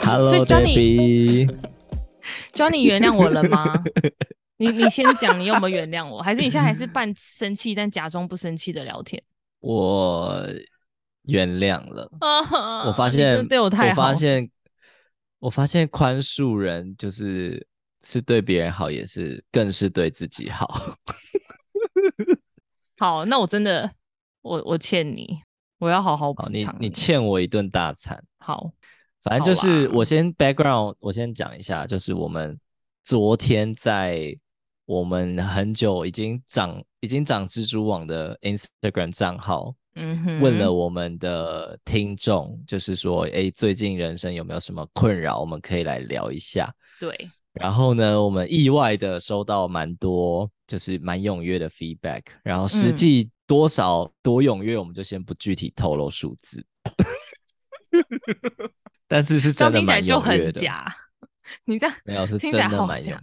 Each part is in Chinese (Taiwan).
哈嘍，所以 Johnny Johnny，原諒我了嗎？ 你你先講，你有沒有原諒我？ 還是你現在還是半生氣， 但假裝不生氣的聊天？我原諒了。 我發現 我，我發現，我發現寬恕人就是。是對別人好，也是更是對自己好。 好，那我真的，我我欠你，我要好好補償你，你。你欠我一頓大餐。好，反正就是啦我先 background，我先講一下，就是我們昨天在我們很久已經長已經長蜘蛛網的 Instagram 賬號，嗯哼，問了我們的聽眾，就是說，哎、欸，最近人生有沒有什麼困擾，我們可以來聊一下。對。然後呢，我們意外的收到蠻多，就是蠻踴躍的 feedback。然後實際多少、嗯、多踊躍，我們就先不具體透露數字。 但是是真的蠻踴躍的。聽起來，你這樣，沒有，是真的蠻假。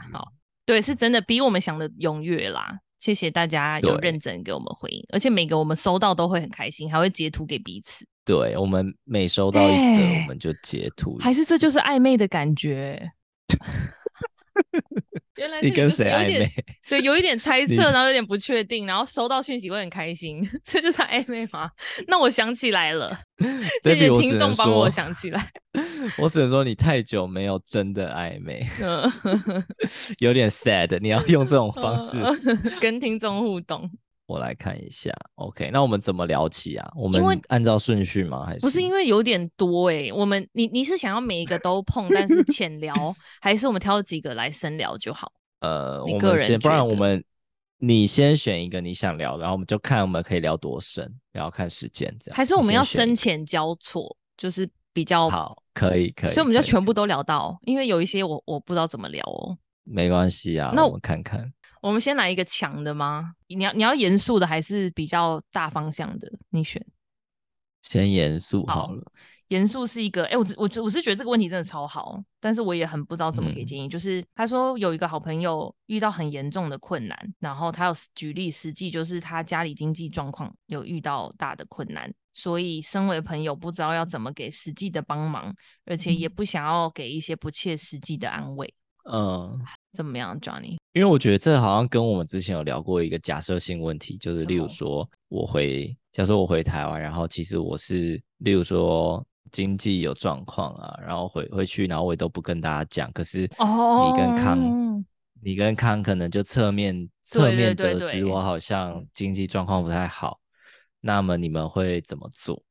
對，是真的比我們想的踴躍啦。謝謝大家有認真給我們回應，對而且每個我們收到都會很開心，還會截圖給彼此。對我們每收到一則，欸、我們就截圖。還是這就是曖昧的感覺。 原來有一點你跟誰曖昧？對，有一點猜測，然後有一點不確定，你然後收到訊息會很開心， 這就是曖昧嗎？ 那我想起來了，謝謝聽眾幫我想起來。 我只能說你太久沒有真的曖昧， 有，曖昧 有點 sad。你要用這種方式 跟聽眾互動。我來看一下，OK，那我們怎麼聊起啊？我們因為按照順序嗎？因為還是不是因為有點多欸？我們你你是想要每一個都碰， 但是淺聊，還是我們挑幾個來深聊就好？呃，你個人，我們先，不然我們你先選一個你想聊，然後我們就看我們可以聊多深，然後看時間這樣。還是我們要深淺交錯，就是比較好，可以可以。所以我們就全部都聊到，因為有一些我我不知道怎麼聊哦。沒關係啊，那我們看看。我們先來一個強的嗎？你要你要嚴肅的，還是比較大方向的？你選。先嚴肅好了好。嚴肅是一個，誒、欸，我我我是覺得這個問題真的超好，但是我也很不知道怎麼給建議。嗯、就是他說有一個好朋友遇到很嚴重的困難，然後他有舉例實際，就是他家裡經濟狀況有遇到大的困難，所以身為朋友不知道要怎麼給實際的幫忙，嗯、而且也不想要給一些不切實際的安慰。嗯。怎麼樣，Johnny？因為我覺得這好像跟我們之前有聊過一個假設性問題，就是例如說，我回，麼假設我回台灣，然後其實我是，例如說經濟有狀況啊，然後回回去，然後我也都不跟大家講，可是哦，你跟康，哦、你跟康可能就側面對對對對，側面得知我好像經濟狀況不太好，那麼你們會怎麼做？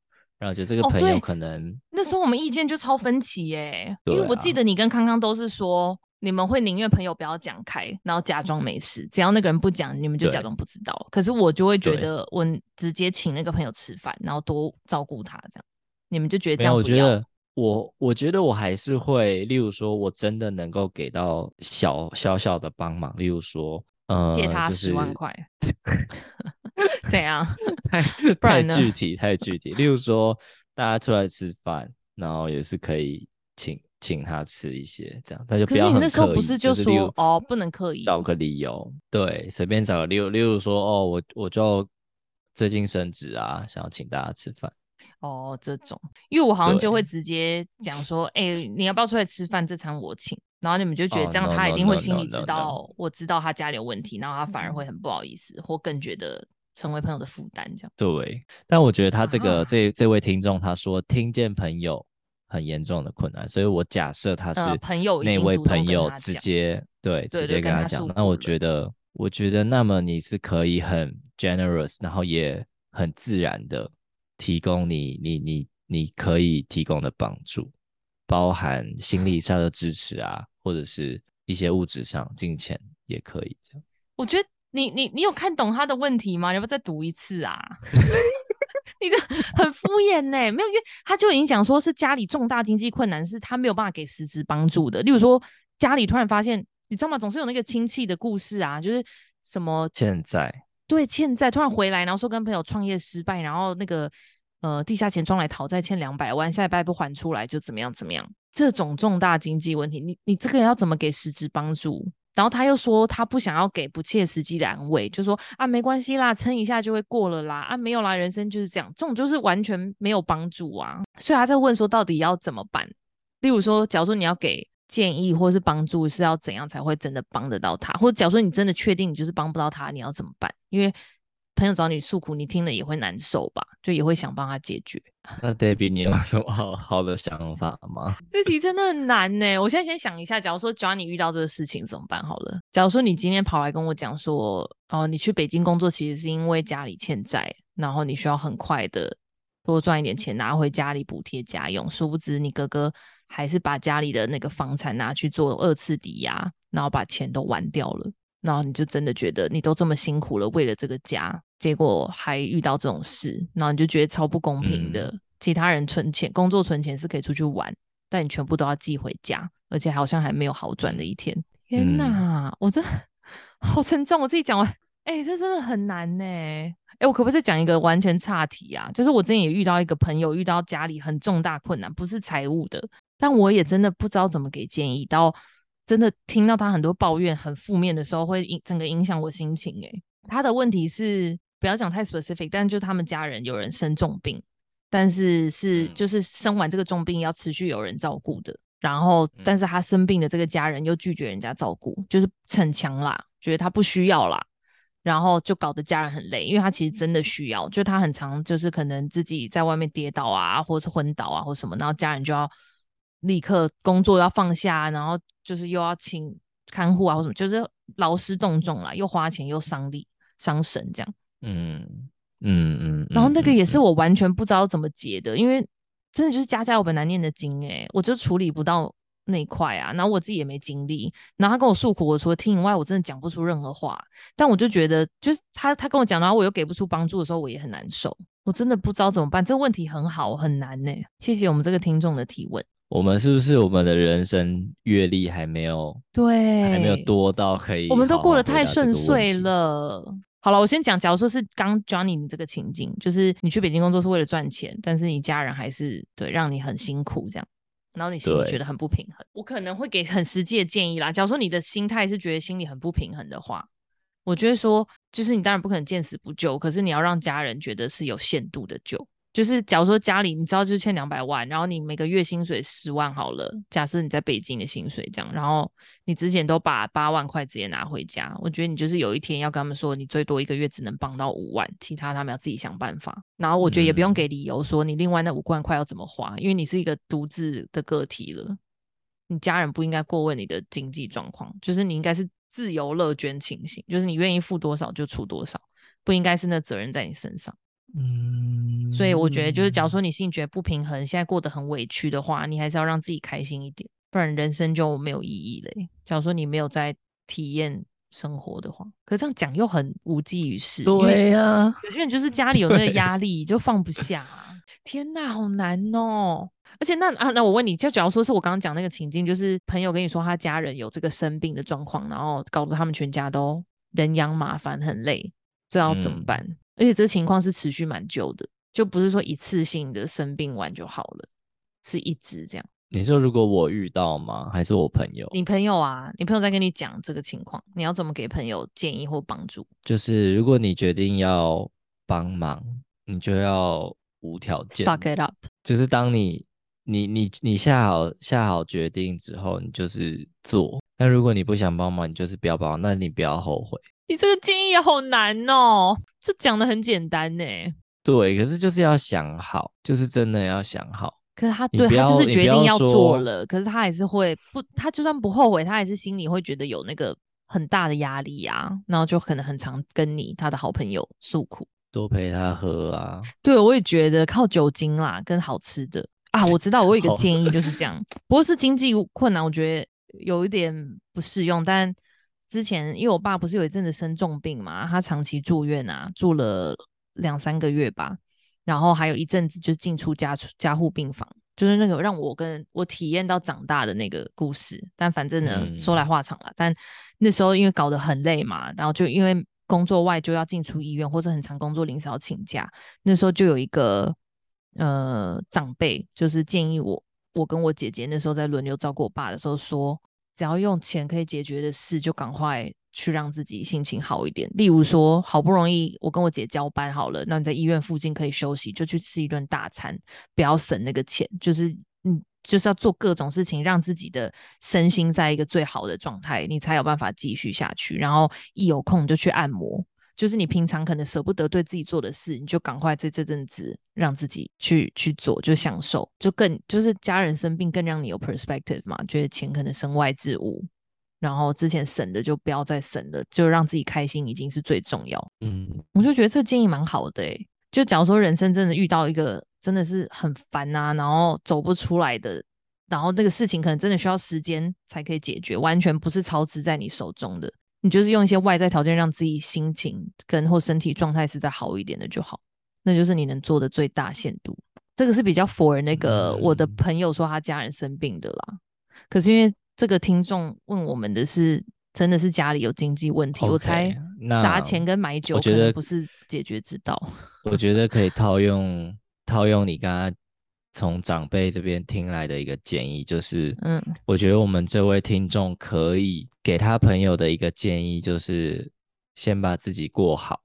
然後覺得這個朋友可能，哦、那時候我們意見就超分歧耶，啊、因為我記得你跟康康都是說。你們會寧願朋友不要講開，然後假裝沒事，只要那個人不講，你們就假裝不知道。對可是我就會覺得，我直接請那個朋友吃飯，對然後多照顧他，這樣你們就覺得這樣不要？我覺得我，我覺得我還是會，例如說我真的能夠給到小小，小的幫忙，例如說呃，借他十萬塊， 怎樣？ 不然呢太具體，太具體。例如說大家出來吃飯，然後也是可以請。請他吃一些，這樣他就不要刻意。可是你那時候不是就說就是哦，不能刻意找個理由，對，隨便找個理由，例如說哦，我我就最近升職啊，想要請大家吃飯。哦，這種，因為我好像就會直接講說，哎對、欸，你要不要出來吃飯？這餐我請。然後你們就覺得這樣，他一定會心裡知道，我知道他家裡有問題，然後他反而會很不好意思，嗯、或更覺得成為朋友的負擔這樣。對，但我覺得他這個、啊、這這位聽眾他說聽見朋友。很嚴重的困難，所以我假設他是那位朋友直接、呃、友對，對直接跟他講。他那我覺得，我覺得那麼你是可以很 generous，然後也很自然的提供你你你你可以提供的幫助，包含心理上的支持啊，或者是一些物質上金錢也可以這樣。我覺得你你你有看懂他的問題嗎？你要不要再讀一次啊？ 你這很敷衍呢、欸，沒有，因為他就已經講說是家裡重大經濟困難，是他沒有辦法給實質幫助的。例如說，家裡突然發現，你知道嗎？總是有那個親戚的故事啊，就是什麼欠債，對，欠債突然回來，然後說跟朋友創業失敗，然後那個呃地下錢莊來討債，欠兩百萬，下禮拜不還出來就怎麼樣怎麼樣，這種重大經濟問題，你你這個要怎麼給實質幫助？然後他又說，他不想要給不切實際的安慰，就說啊，沒關係啦，撐一下就會過了啦，啊，沒有啦，人生就是這樣，這種就是完全沒有幫助啊。所以他在問說，到底要怎麼辦？例如說，假如說你要給建議或是幫助，是要怎樣才會真的幫得到他？或者假如說你真的確定你就是幫不到他，你要怎麼辦？因為。朋友找你訴苦，你聽了也會難受吧？就也會想幫他解決。那 Debbie，你有什麼好好的想法嗎？這題真的很難欸。我現在先想一下，假如說假如你遇到這個事情怎麼辦好了。假如說你今天跑來跟我講說，哦，你去北京工作其實是因為家裡欠債，然後你需要很快的多賺一點錢拿回家裡補貼家用。殊不知你哥哥還是把家裡的那個房產拿去做二次抵押，然後把錢都玩掉了。然後你就真的覺得你都這麼辛苦了，為了這個家，結果還遇到這種事，然後你就覺得超不公平的。嗯、其他人存錢、工作存錢是可以出去玩，但你全部都要寄回家，而且好像還沒有好轉的一天。天哪，嗯、我真好沉重。我自己講完，哎、欸，這真的很難呢。哎、欸，我可不可以再講一個完全岔題啊？就是我之前也遇到一個朋友，遇到家裡很重大困難，不是財務的，但我也真的不知道怎麼給建議。到真的聽到他很多抱怨很負面的時候，會影整個影響我心情。哎，他的問題是，不要講太 specific，但就他們家人有人生重病，但是是就是生完這個重病要持續有人照顧的。然後，但是他生病的這個家人又拒絕人家照顧，就是逞強啦，覺得他不需要啦，然後就搞得家人很累，因為他其實真的需要。就他很常就是可能自己在外面跌倒啊，或者是昏倒啊，或什麼，然後家人就要。立刻工作要放下，啊，然後就是又要請看護啊，或什麼，就是勞師動眾啦，又花錢又傷力傷神這樣。嗯嗯嗯，嗯嗯然後那個也是我完全不知道怎麼解的，嗯嗯、因為真的就是家家有本難念的經誒、欸，我就處理不到那一塊啊。然後我自己也沒精力。然後他跟我訴苦，我除了聽以外，我真的講不出任何話。但我就覺得，就是他他跟我講，然後我又給不出幫助的時候，我也很難受。我真的不知道怎麼辦，這個問題很好很難呢、欸。謝謝我們這個聽眾的提問。我們是不是我們的人生閱歷還沒有，對，還沒有多到可以，我們都過得太順遂了、啊。好了，我先講，假如說是剛 Johnny 你這個情境，就是你去北京工作是為了賺錢，但是你家人還是對讓你很辛苦這樣，然後你心裡覺得很不平衡。對我可能會給很實際的建議啦。假如說你的心態是覺得心裡很不平衡的話，我覺得說，就是你當然不可能見死不救，可是你要讓家人覺得是有限度的救。就是假如說家裡你知道就是欠兩百萬，然後你每個月薪水十萬好了，假設你在北京的薪水這樣，然後你之前都把八萬塊直接拿回家，我覺得你就是有一天要跟他們說，你最多一個月只能幫到五萬，其他他們要自己想辦法。然後我覺得也不用給理由說你另外那五萬塊要怎麼花，因為你是一個獨自的個體了，你家人不應該過問你的經濟狀況，就是你應該是自由樂捐情形，就是你願意付多少就出多少，不應該是那責任在你身上。嗯，所以我覺得就是，假如說你性覺不平衡，現在過得很委屈的話，你還是要讓自己開心一點，不然人生就沒有意義嘞。假如說你沒有在體驗生活的話，可這樣講又很無濟於事。對呀、啊，有些你就是家裡有那個壓力就放不下，對天哪，好難哦。而且那啊，那我問你就，假如說是我剛剛講那個情境，就是朋友跟你說他家人有這個生病的狀況，然後搞得他們全家都人仰馬翻，很累，這要怎麼辦？嗯而且這個情況是持續蠻久的，就不是說一次性的生病完就好了，是一直這樣。你說如果我遇到嗎？還是我朋友？你朋友啊，你朋友在跟你講這個情況，你要怎麼給朋友建議或幫助？就是如果你決定要幫忙，你就要無條件，suck it up。就是當你你你你下好下好決定之後，你就是做。那如果你不想幫忙，你就是不要幫忙。那你不要後悔。你這個建議也好難哦，這講的很簡單哎。對，可是就是要想好，就是真的要想好。可是他對，他就是決定要做了。可是他還是會不，他就算不後悔，他還是心裡會覺得有那個很大的壓力啊。然後就可能很常跟你他的好朋友訴苦。多陪他喝啊。對，我也覺得靠酒精啦，跟好吃的。啊，我知道，我有一個建議就是這樣。好 不過是經濟困難，我覺得有一點不適用。但之前因為我爸不是有一陣子生重病嘛，他長期住院啊，住了兩三個月吧，然後還有一陣子就進出加、加護病房，就是那個讓我跟我體驗到長大的那個故事。但反正呢，嗯、說來話長了。但那時候因為搞得很累嘛，然後就因為工作外就要進出醫院，或者很常工作臨時要請假，那時候就有一個。呃，長輩就是建議我，我跟我姐姐那時候在輪流照顧我爸的時候說，只要用錢可以解決的事，就趕快去讓自己心情好一點。例如說，好不容易我跟我姐交班好了，那你在醫院附近可以休息，就去吃一頓大餐，不要省那個錢。就是，嗯，就是要做各種事情，讓自己的身心在一個最好的狀態，你才有辦法繼續下去。然後一有空就去按摩。就是你平常可能捨不得對自己做的事，你就趕快這這陣子讓自己去去做，就享受，就更就是家人生病更讓你有 perspective 嘛，覺得錢可能身外之物，然後之前省的就不要再省了，就讓自己開心已經是最重要。嗯，我就覺得這個建議蠻好的。欸，就假如說人生真的遇到一個真的是很煩啊，然後走不出來的，然後那個事情可能真的需要時間才可以解決，完全不是操之在你手中的。你就是用一些外在條件讓自己心情跟或身體狀態是再好一點的就好，那就是你能做的最大限度。這個是比較否認那個我的朋友說他家人生病的啦。嗯、可是因為這個聽眾問我們的是，真的是家裡有經濟問題，okay, 我才砸錢跟買酒，我覺得不是解決之道。我，我覺得可以套用 套用你剛剛，從長輩這邊聽來的一個建議就是，嗯，我覺得我們這位聽眾可以給他朋友的一個建議就是，先把自己過好，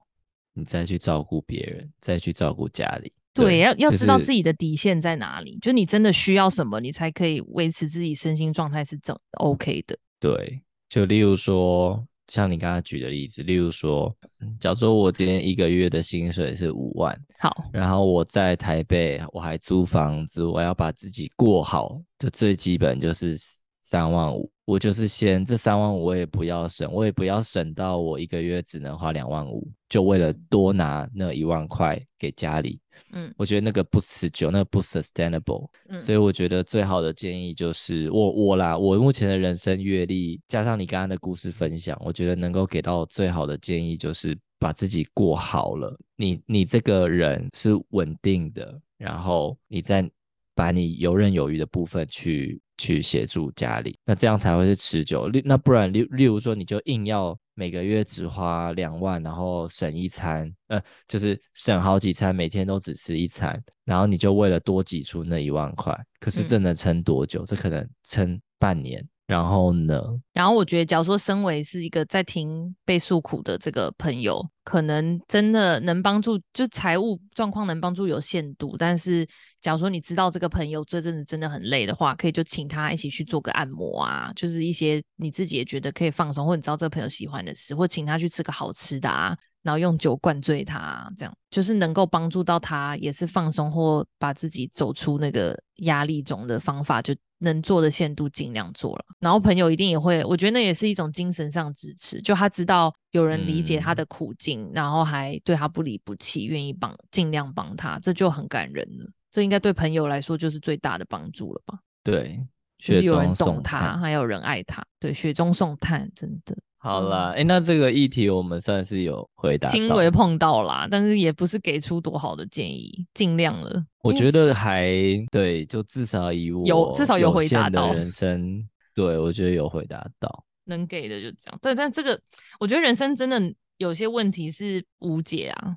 你再去照顧別人，再去照顧家裡。對，對要、就是、要知道自己的底線在哪裡，就你真的需要什麼，你才可以維持自己身心狀態是整 OK 的。對，就例如說。像你剛剛舉的例子，例如說，假如說我今天一個月的薪水是五萬，好，然後我在台北，我還租房子，我要把自己過好，就最基本就是三萬五，我就是先這三萬五我也不要省，我也不要省到我一個月只能花兩萬五，就為了多拿那一萬塊給家裡。嗯， 我覺得那個不持久，那個不 sustainable，嗯。所以我覺得最好的建議就是，我我啦，我目前的人生閱歷，加上你剛剛的故事分享，我覺得能夠給到最好的建議就是把自己過好了，你你這個人是穩定的，然後你再把你游刃有餘的部分去去協助家裡，那這樣才會是持久。例那不然例例如說你就硬要。每個月只花兩萬，然後省一餐，呃，就是省好幾餐，每天都只吃一餐，然後你就為了多擠出那一萬塊，可是這能撐多久？嗯、這可能撐半年。然後呢？然後我覺得，假如說身為是一個在聽被訴苦的這個朋友，可能真的能幫助，就財務狀況能幫助有限度。但是，假如說你知道這個朋友這陣子真的很累的話，可以就請他一起去做個按摩啊，就是一些你自己也覺得可以放鬆，或者你知道這個朋友喜歡的事，或請他去吃個好吃的啊。然後用酒灌醉他，這樣就是能夠幫助到他，也是放鬆或把自己走出那個壓力中的方法，就能做的限度盡量做了。然後朋友一定也會，我覺得那也是一種精神上支持，就他知道有人理解他的苦境，嗯、然後還對他不離不棄，願意幫，盡量幫他，這就很感人了。這應該對朋友來說就是最大的幫助了吧？對，就是有人懂他，還有人愛他。對，雪中送炭，真的。好啦，哎、欸，那這個議題我們算是有回答，輕微碰到啦，但是也不是給出多好的建議，盡量了。我覺得還對，就至少以我有限的有至少有回答到人生，對我覺得有回答到，能給的就這樣。對，但這個我覺得人生真的有些問題是無解啊。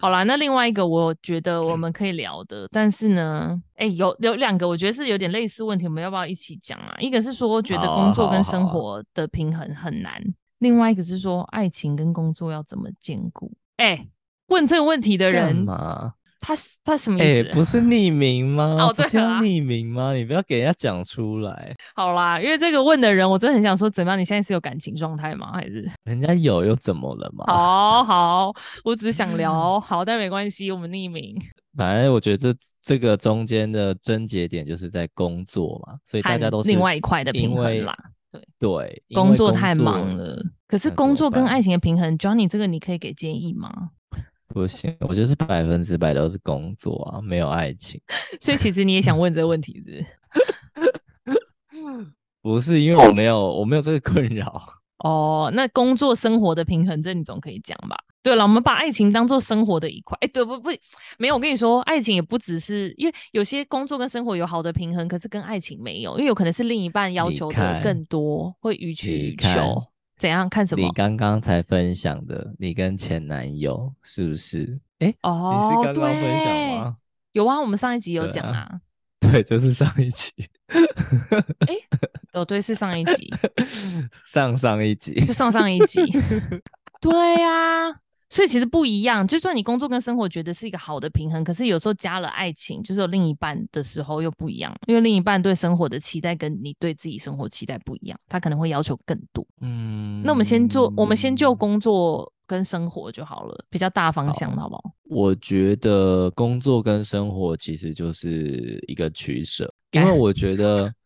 好啦，那另外一個我覺得我們可以聊的，嗯、但是呢，哎、欸，有有兩個我覺得是有點類似問題，我們要不要一起講啊？一個是說覺得工作跟生活的平衡很難。另外一個是說，愛情跟工作要怎麼兼顧？哎、欸，問這個問題的人嘛他他什麼意思、欸？不是匿名嗎？哦，對啊，匿名嗎？你不要給人家講出來。好啦，因為這個問的人，我真的很想說，怎麼樣？你現在是有感情狀態嗎？還是人家有又怎麼了嗎？好，好，我只是想聊 好，但沒關係，我們匿名。反正我覺得這這個中間的癥結點就是在工作嘛，所以大家都是另外一塊的平衡啦。對對，工作太忙了。可是工作跟愛情的平衡，Johnny，這個你可以給建議嗎？不行，我覺得是百分之百都是工作啊，沒有愛情。 所以其實你也想問這個問題，是不是？ 不是，因為我沒有，我沒有這個困擾。哦，oh, 那工作生活的平衡，這你總可以講吧？對了，我們把愛情當做生活的一塊。哎、欸，對不不沒有，我跟你說，愛情也不只是因為有些工作跟生活有好的平衡，可是跟愛情沒有，因為有可能是另一半要求的更多，看會予取予求看怎樣看什麼？你剛剛才分享的，你跟前男友是不是？哎、欸、哦，oh, 你是剛剛分享嗎？有啊，我們上一集有講啊。對，啊對，就是上一集。哎、 欸，哦、oh, 對，是上一集， 上上一集，就上上一集。 對呀、啊。所以其實不一樣，就算你工作跟生活覺得是一個好的平衡，可是有時候加了愛情，就是有另一半的時候又不一樣，因為另一半對生活的期待跟你對自己生活期待不一樣，他可能會要求更多。嗯，那我們先做，我們先就工作跟生活就好了，比較大方向的，好，好不好？我覺得工作跟生活其實就是一個取捨，因為我覺得。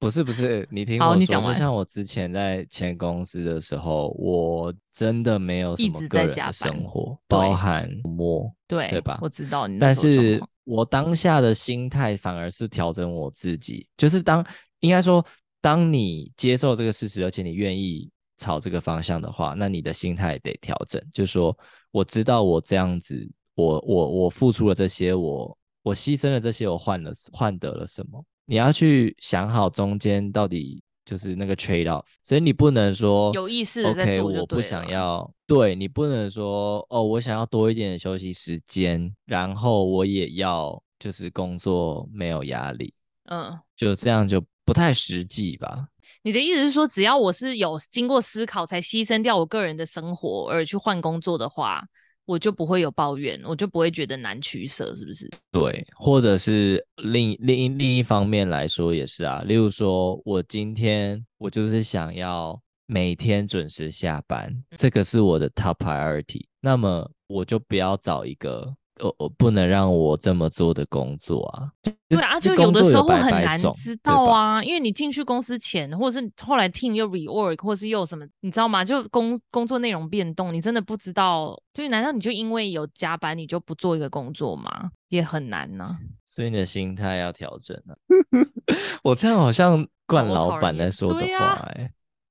不是不是，你聽我說，oh, 就像我之前在前公司的時候，我真的沒有什麼個人的生活，對包含摸，對吧對吧？我知道你那。但是我當下的心態反而是調整我自己，就是當應該說，當你接受這個事實，而且你願意朝這個方向的話，那你的心態得調整，就是說，我知道我這樣子，我我我付出了這些，我我犧牲了這些，我換了換得了什麼？你要去想好中間到底就是那個 trade off，所以你不能說有意識的在做就對了。okay, 我不想要對你不能說哦，我想要多一點休息時間，然後我也要就是工作沒有壓力，嗯，就這樣就不太實際吧。你的意思是說，只要我是有經過思考才犧牲掉我個人的生活而去換工作的話？我就不會有抱怨，我就不會覺得難取捨，是不是？對，或者是另另一另一方面來說也是啊，例如說，我今天我就是想要每天準時下班，嗯、這個是我的 top priority，那麼我就不要找一個。我不能讓我這麼做的工作啊！就是、工作有百百種，對啊，就有的時候會很難知道啊，吧因為你進去公司前，或者是後來聽又 rework，或者是又有什麼，你知道嗎？就工工作內容變動，你真的不知道。就是難道你就因為有加班，你就不做一個工作嗎？也很難啊。所以你的心態要調整了、啊。 我這樣好像慣老板在說的話、欸，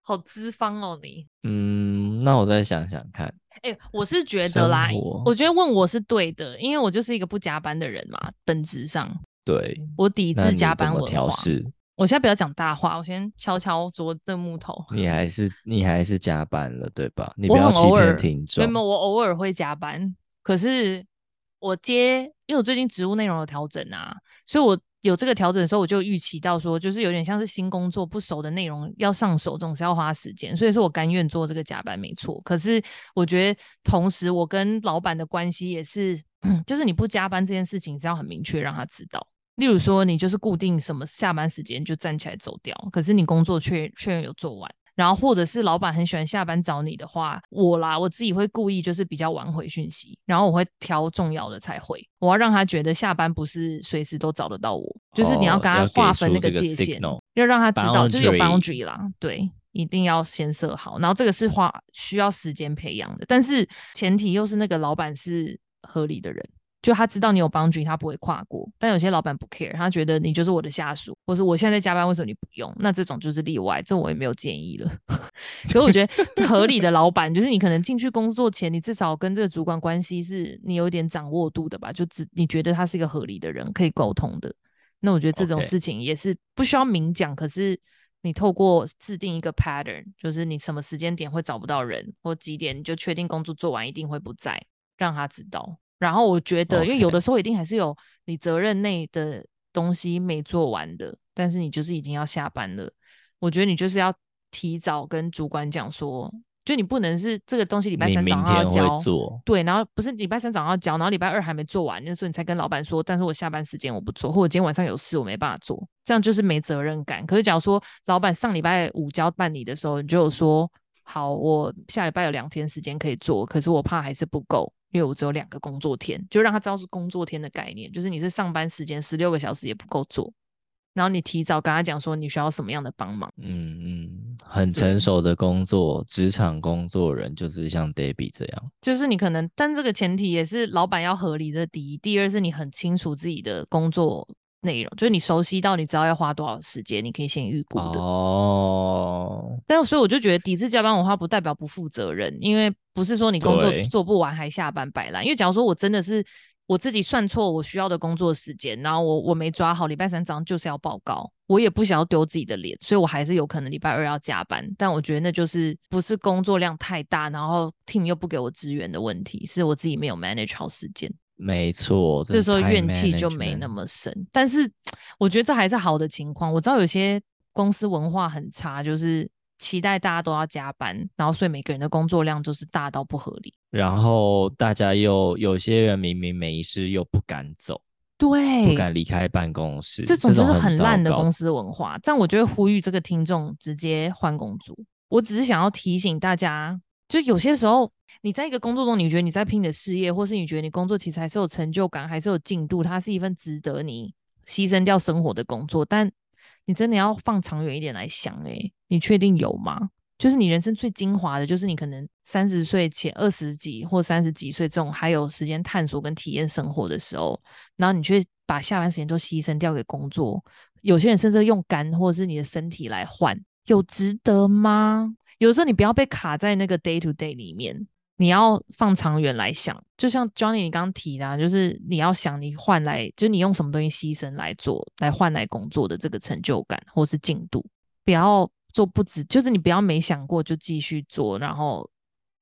好資方哦你，你嗯，那我再想想看。誒、欸，我是覺得啦，活我覺得問我是對的，因為我就是一個不加班的人嘛，本質上。對，我抵制加班調試，我現在不要講大話，我先敲敲桌子的木頭。你還是你還是加班了對吧？你不要欺騙聽眾。沒有，我偶爾會加班，可是我接，因為我最近職務內容有調整啊，所以我。有這個調整的時候，我就預期到說，就是有點像是新工作不熟的內容要上手，總是要花時間，所以說我甘願做這個加班沒錯。可是我覺得同時我跟老闆的關係也是，就是你不加班這件事情是要很明確讓他知道。例如說你就是固定什麼下班時間就站起來走掉，可是你工作卻卻有做完。然後，或者是老闆很喜歡下班找你的話，我啦，我自己會故意就是比較晚回訊息，然後我會挑重要的才回，我要讓他覺得下班不是隨時都找得到我，哦，就是你要跟他劃分那個界限，要，要讓他知道，就是有 boundary 啦，對，一定要先設好。然後這個是花需要時間培養的，但是前提又是那個老闆是合理的人。就他知道你有 boundary，他不會跨過。但有些老闆不 care，他覺得你就是我的下屬，或是我現在在加班，為什麼你不用？那這種就是例外，這我也沒有建議了。所 以我覺得合理的老闆， 就是你可能進去工作前，你至少跟這個主管關係是你有點掌握度的吧？就只你覺得他是一個合理的人，可以溝通的。那我覺得這種事情也是不需要明講，Okay. 可是你透過制定一個 pattern，就是你什麼時間點會找不到人，或幾點你就確定工作做完一定會不在，讓他知道。然後我覺得，因為有的時候一定還是有你責任內的東西沒做完的，Okay. 但是你就是已經要下班了。我覺得你就是要提早跟主管講說，就你不能是這個東西禮拜三早上要交，對，然後不是禮拜三早上要交，然後禮拜二還沒做完，那時候你才跟老板說，但是我下班時間我不做，或者今天晚上有事我沒辦法做，這樣就是沒責任感。可是假如說老板上禮拜五交辦理的時候，你就有說，好，我下禮拜有兩天時間可以做，可是我怕還是不夠。因為我只有兩個工作天，就讓他知道是工作天的概念，就是你是上班時間十六個小時也不夠做，然後你提早跟他講說你需要什麼樣的幫忙。嗯嗯，很成熟的工作職對場工作人就是像 Debbie 這樣，就是你可能，但這個前提也是老板要合理的第一，第二是你很清楚自己的工作。內容就是你熟悉到你知道要，要花多少時間，你可以先預估的。哦。Oh. 但所以我就覺得，抵制加班文化不代表不負責任，因為不是說你工作做不完還下班擺爛。對因為假如說我真的是我自己算錯我需要的工作時間，然後我我沒抓好禮拜三早上就是要報告，我也不想要丟自己的臉，所以我還是有可能禮拜二要加班。但我覺得那就是不是工作量太大，然後 team 又不給我資源的問題，是我自己沒有 manage 好時間。沒錯，這時候怨氣就沒那麼深，但是我覺得這還是好的情況。我知道有些公司文化很差，就是期待大家都要加班，然後所以每個人的工作量都是大到不合理，然後大家又有些人明明沒事又不敢走，對，不敢離開辦公室，這種就是很爛的公司文化。這樣我就會呼籲這個聽眾直接換工作。 我只是想要提醒大家，就有些時候。你在一個工作中，你覺得你在拼你的事業，或是你覺得你工作其實還是有成就感，還是有進度，它是一份值得你犧牲掉生活的工作。但你真的要放長遠一點來想。欸，誒，你確定有嗎？就是你人生最精華的，就是你可能三十歲前二十幾或三十幾歲這種還有時間探索跟體驗生活的時候，然後你卻把下班時間都犧牲掉給工作，有些人甚至用肝或者是你的身體來換，有值得嗎？有的時候你不要被卡在那個 day to day 裡面。你要放長遠來想，就像 Johnny 你剛提的、啊，就是你要想你換來，就是你用什麼東西犧牲來做，來換來工作的這個成就感或是進度，不要做不值，就是你不要沒想過就繼續做，然後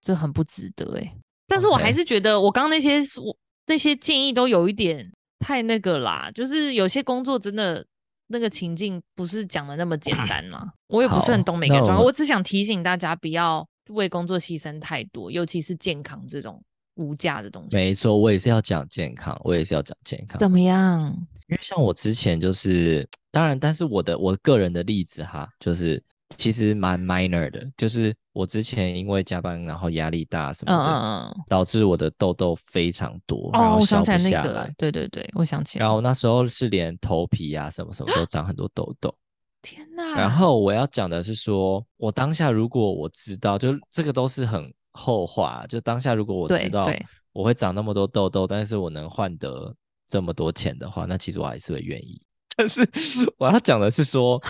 這很不值得哎、欸。Okay. 但是我還是覺得我剛那些我那些建議都有一點太那個啦，就是有些工作真的那個情境不是講的那麼簡單啦。 好我也不是很懂每個狀況，No. 我只想提醒大家不要。為工作犧牲太多，尤其是健康這種無價的東西。沒錯，我也是要講健康，我也是要講健康。怎麼樣？因為像我之前就是，當然，但是我的我個人的例子哈，就是其實蠻 minor 的，就是我之前因為加班，然後壓力大什麼的，嗯嗯嗯導致我的痘痘非常多，然後消不下來。哦，我想起來那個。對對對，我想起來。然後那時候是連頭皮啊什麼什麼都長很多痘痘。 天吶！然後我要講的是說，我當下如果我知道，就這個都是很後話。就當下如果我知道我會長那麼多痘痘，痘痘但是我能換得這麼多錢的話，那其實我還是會願意。但是我要講的是說，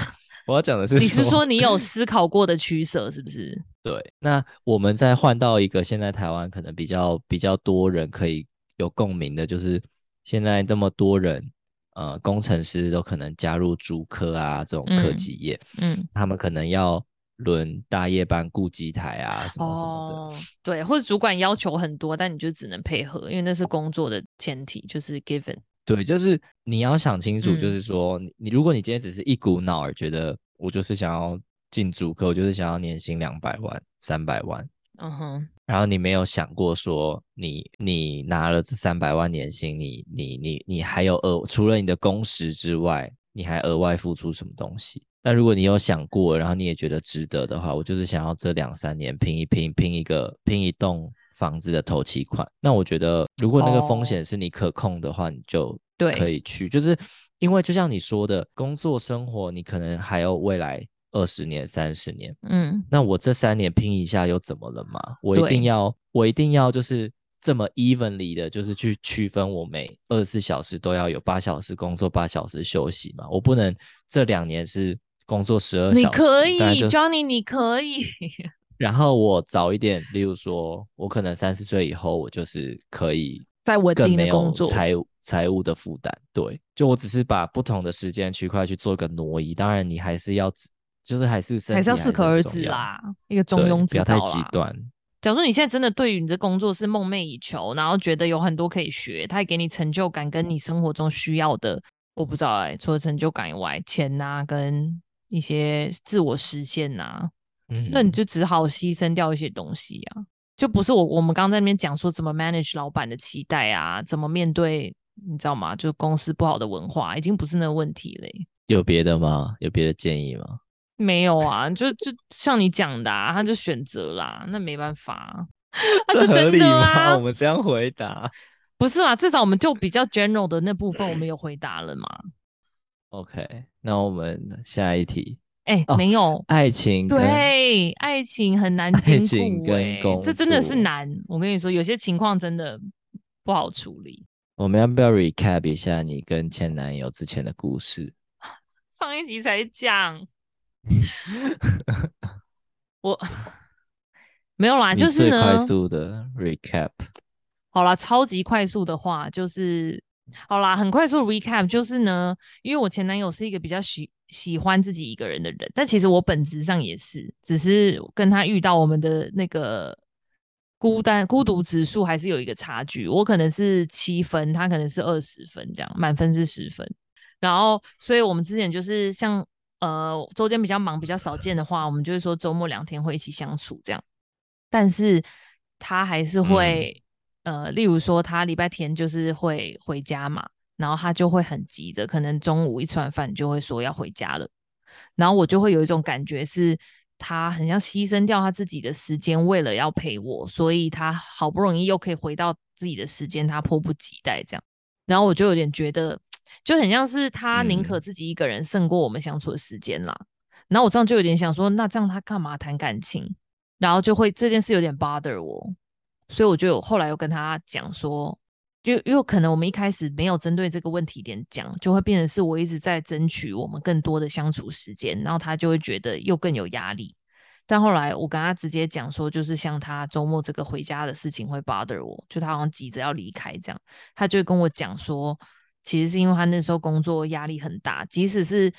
我要講的是說， 你是說你有思考過的取捨是不是？ 對。那我們再換到一個現在台灣可能比較比較多人可以有共鳴的，就是現在那麼多人。呃，工程師都可能加入竹科啊，這種科技業，嗯，嗯，他們可能要輪大夜班，顧機台啊，什麼什麼的，哦、對，或者主管要求很多，但你就只能配合，因為那是工作的前提，就是 given。對，就是你要想清楚，就是說、嗯、你如果你今天只是一股腦兒覺得我就是想要進竹科，我就是想要年薪兩百萬、三百萬。嗯哼，uh huh. 然後你沒有想過說，你你拿了這三百萬年薪，你你你你，你還有額除了你的工時之外，你還額外付出什麼東西？但如果你有想過，然後你也覺得值得的話，我就是想要這兩三年拼一拼，拼一個拼一棟房子的頭期款。那我覺得如果那個風險是你可控的話，oh. 你就對，可以去，對就是因為就像你說的工作生活，你可能還有未來。二十年、三十年，嗯，那我這三年拼一下又怎麼了嘛？我一定要，對我一定要就是這麼 evenly 的，就是去區分我每二十四小時都要有八小時工作、八小時休息嘛？我不能這兩年是工作十二小時，你可以就，Johnny，你可以。 然後我早一點，例如說，我可能三十歲以後，我就是可以再穩定的工作，財財務的負擔，對，就我只是把不同的時間區塊去做一個挪移。當然，你還是要。就是還是還是要適可而止啦，一個中庸之道啦，不要太極端。假如你現在真的對於你這工作是夢寐以求，然後覺得有很多可以學，他也給你成就感，跟你生活中需要的，嗯、我不知道哎、欸，除了成就感以外，錢吶、啊、跟一些自我實現吶、啊，嗯，嗯，那你就只好犧牲掉一些東西啊，就不是我我們剛剛在那邊講說怎麼 manage 老闆的期待啊，怎麼面對，你知道嗎？就是公司不好的文化，已經不是那個問題嘞、欸。有別的嗎？有別的建議嗎？ 沒有啊，就就像你講的、啊，他就選擇啦、啊，那沒辦法、啊， 啊真的啊、這合理嗎？我們這樣回答 不是啦，至少我們就比較 general 的那部分，我們有回答了嘛 okay, 那我們下一題，哎、欸，喔、沒有愛情，對愛情很難兼顧、欸，這真的是難。我跟你說，有些情況真的不好處理。我們要不要 recap 一下你跟前男友之前的故事？ 上一集才講。 我沒有啦，就是呢。快速的 recap。好啦，超級快速的話，就是好啦，很快速 recap，就是呢，因為我前男友是一個比較喜喜歡自己一個人的人，但其實我本質上也是，只是跟他遇到我們的那個孤單孤獨指數還是有一個差距，我可能是七分，他可能是二十分這樣，滿分是十分。然後，所以我們之前就是像。呃，週間比較忙，比較少見的話，我們就是說周末兩天會一起相處這樣。但是他還是會，嗯、呃，例如說他禮拜天就是會回家嘛，然後他就會很急著，可能中午一吃完飯就會說要回家了，然後我就會有一種感覺是，他很像犧牲掉他自己的時間，為了要陪我，所以他好不容易又可以回到自己的時間，他迫不及待這樣，然後我就有點覺得。就很像是他寧可自己一個人勝過我們相處的時間啦。然後我這樣就有點想說，那這樣他幹嘛談感情？然後就會這件事有點 bother 我，所以我就後來又跟他講說，就又可能我們一開始沒有針對這個問題點講，就會變成是我一直在爭取我們更多的相處時間，然後他就會覺得又更有壓力。但後來我跟他直接講說，就是像他周末這個回家的事情會 bother 我，就他好像急着要離開這樣，他就跟我講說。其實是因為他那時候工作壓力很大，即使是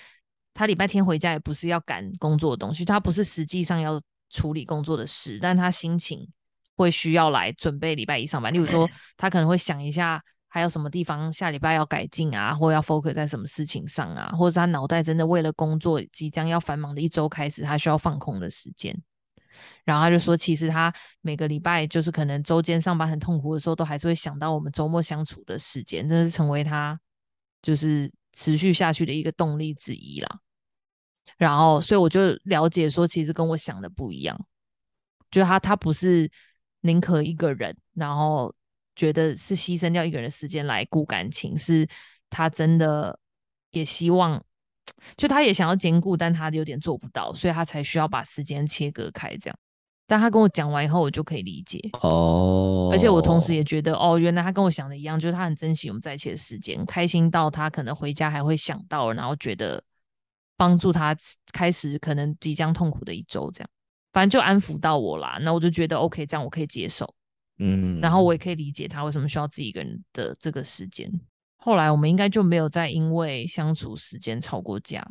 他禮拜天回家，也不是要趕工作的東西。他不是實際上要處理工作的事，但他心情會需要來準備禮拜一上班。例如說，他可能會想一下還有什麼地方下禮拜要改進啊，或要 focus 在什麼事情上啊，或者是他腦袋真的為了工作即將要繁忙的一周開始，他需要放空的時間。然後他就說，其實他每個禮拜，就是可能周間上班很痛苦的時候，都還是會想到我們周末相處的時間，真的是成為他就是持續下去的一個動力之一啦。然後，所以我就了解說，其實跟我想的不一樣，就是他他不是寧可一個人，然後覺得是犧牲掉一個人的時間來顧感情，是他真的也希望。就他也想要兼顧，但他有點做不到，所以他才需要把時間切割開這樣。但他跟我講完以後，我就可以理解哦。Oh. 而且我同時也覺得，哦，原來他跟我想的一樣，就是他很珍惜我們在一起的時間，開心到他可能回家還會想到，然後覺得幫助他開始可能即將痛苦的一週這樣。反正就安撫到我啦，那我就覺得 OK，這樣我可以接受。嗯，mm. 然後我也可以理解他為什麼需要自己一個人的這個時間。後來我們應該就沒有再因為相處時間吵過架，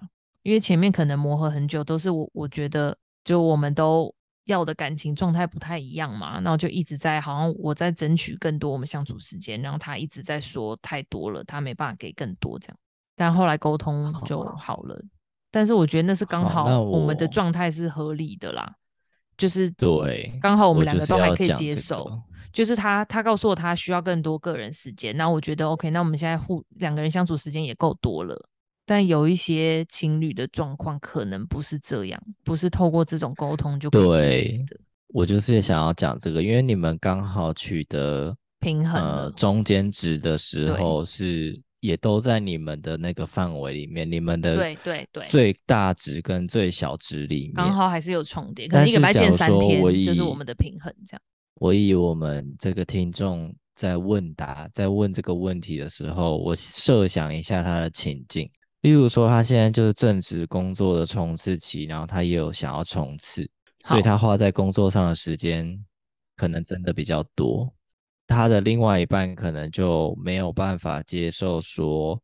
因為前面可能磨合很久，都是我，我覺得就我們都要的感情狀態不太一樣嘛，然後就一直在好像我在爭取更多我們相處時間，然後他一直在說太多了，他沒辦法給更多這樣，但後來溝通就好了。哦，但是我覺得那是剛好我們的狀態是合理的啦。就是對，剛好我們兩個都還可以接受。就是，這個、就是他，他告訴我他需要更多個人時間。那我覺得 OK，那我們現在互兩個人相處時間也夠多了。但有一些情侶的狀況可能不是這樣，不是透過這種溝通就可以對。我就是想要講這個，因為你們剛好取得平衡，呃，中間值的時候是。也都在你們的那個範圍裡面，你們的對對對最大值、跟最小值裡面，剛好還是有重疊。但是假如說，我以就是我們的平衡這樣，我以我們這個聽眾在問答在問這個問題的時候，我設想一下他的情境，例如說他現在就是正值工作的衝刺期，然後他也有想要衝刺，所以他花在工作上的時間好可能真的比較多。他的另外一半可能就沒有辦法接受說，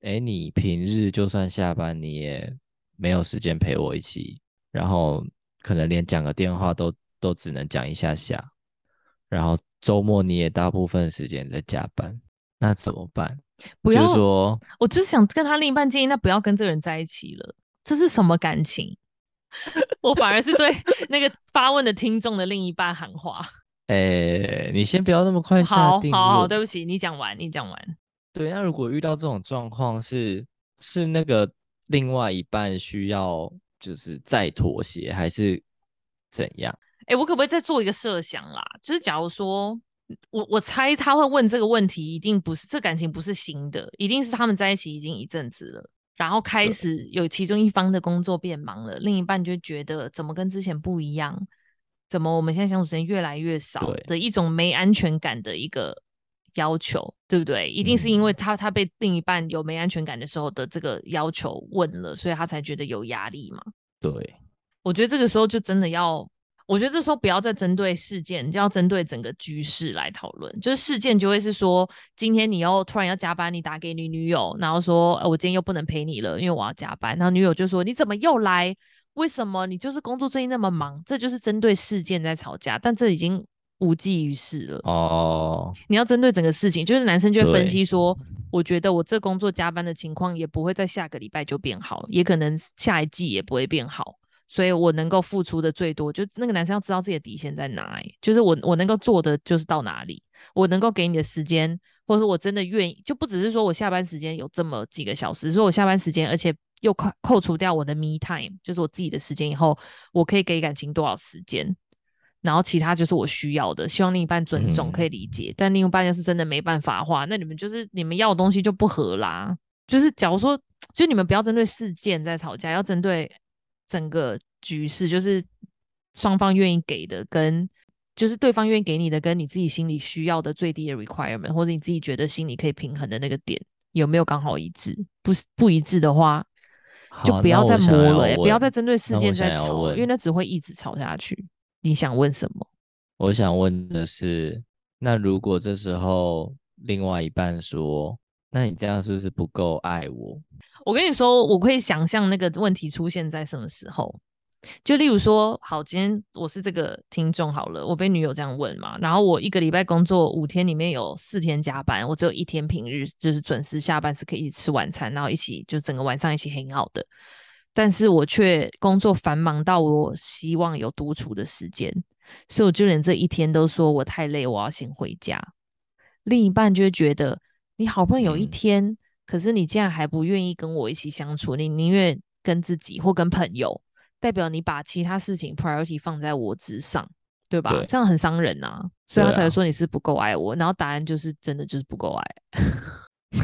哎、欸，你平日就算下班你也沒有時間陪我一起，然後可能連講個電話都都只能講一下下，然後周末你也大部分時間在加班，那怎麼辦？不要說，我就是想跟他另一半建議，那不要跟這個人在一起了，這是什麼感情？ 我反而是對那個發問的聽眾的另一半喊話。哎，你先不要那麼快下定論。好，好好，對不起，你講完，你講完。對，那如果遇到這種狀況是，是是那個另外一半需要就是再妥協，還是怎樣？哎，我可不可以再做一個設想啦？就是假如說，我我猜他會問這個問題，一定不是這感情不是新的，一定是他們在一起已經一陣子了，然後開始有其中一方的工作變忙了，對另一半就覺得怎麼跟之前不一樣。怎麼我們現在相處時間越來越少的一種沒安全感的一個要求，對，對不對？一定是因為他、嗯、他被另一半有沒安全感的時候的這個要求問了，所以他才覺得有壓力嘛。對，我覺得這個時候就真的要，我覺得這時候不要再針對事件，就要針對整個局勢來討論。就是事件就會是說，今天你要突然要加班，你打給你女友，然後說、呃，我今天又不能陪你了，因為我要加班。然後女友就說，你怎麼又來？為什麼你就是工作最近那麼忙？這就是針對事件在吵架，但這已經無濟於事了。哦，oh. 你要針對整個事情，就是男生就會分析說，對我覺得我這工作加班的情況也不會在下個禮拜就變好，也可能下一季也不會變好。所以我能夠付出的最多，就那個男生要知道自己的底線在哪裡，就是我我能夠做的就是到哪裡，我能夠給你的時間，或者說我真的願意，就不只是說我下班時間有這麼幾個小時，說我下班時間，而且。又扣扣除掉我的 me time，就是我自己的時間以後，我可以給感情多少時間，然後其他就是我需要的，希望另一半尊重可以理解，嗯、但另一半要是真的沒辦法的話，那你們就是你們要的東西就不合啦。就是假如說，就你們不要針對事件在吵架，要針對整個局勢，就是雙方願意給的跟就是對方願意給你的跟你自己心裡需要的最低的 requirement，或者你自己覺得心裡可以平衡的那個點，有沒有剛好一致？不是不一致的話。啊、就不要再摸了，不要再針對事件再吵了，因為那只會一直吵下去。你想問什麼？我想問的是，嗯、那如果這時候另外一半說，那你這樣是不是不夠愛我？我跟你說，我可以想象那個問題出現在什麼時候。就例如說，好，今天我是這個聽眾好了，我被女友這樣問嘛，然後我一個禮拜工作五天，裡面有四天加班，我只有一天平日，就是準時下班是可以一起吃晚餐，然後一起就整個晚上一起很好的，但是我卻工作繁忙到我希望有獨處的時間，所以我就連這一天都說我太累，我要先回家。另一半就會覺得，你好不容易有一天，嗯，可是你竟然還不願意跟我一起相處，你寧願跟自己或跟朋友。代表你把其他事情 priority 放在我之上，對吧？對，這樣很傷人吶、啊，所以他才會說你是不夠愛我。啊、然後答案就是真的就是不夠愛。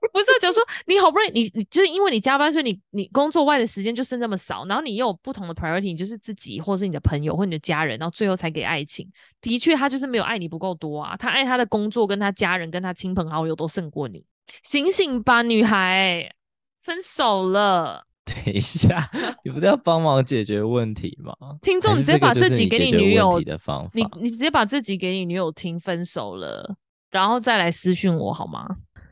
不是、啊，就是說你好不容易，你你就是因為你加班，所以你你工作外的時間就剩這麼少，然後你又有不同的 priority，你就是自己或是你的朋友或你的家人，然後最後才給愛情。的確，他就是沒有愛你不夠多啊，他愛他的工作跟他家人跟他親朋好友都勝過你。醒醒吧，女孩，分手了。等一下，你不是要幫忙解決問題嗎？聽眾中，你，你直接把自己給你女友，你你直接把自己給你女友聽，分手了，然後再來私訊我好嗎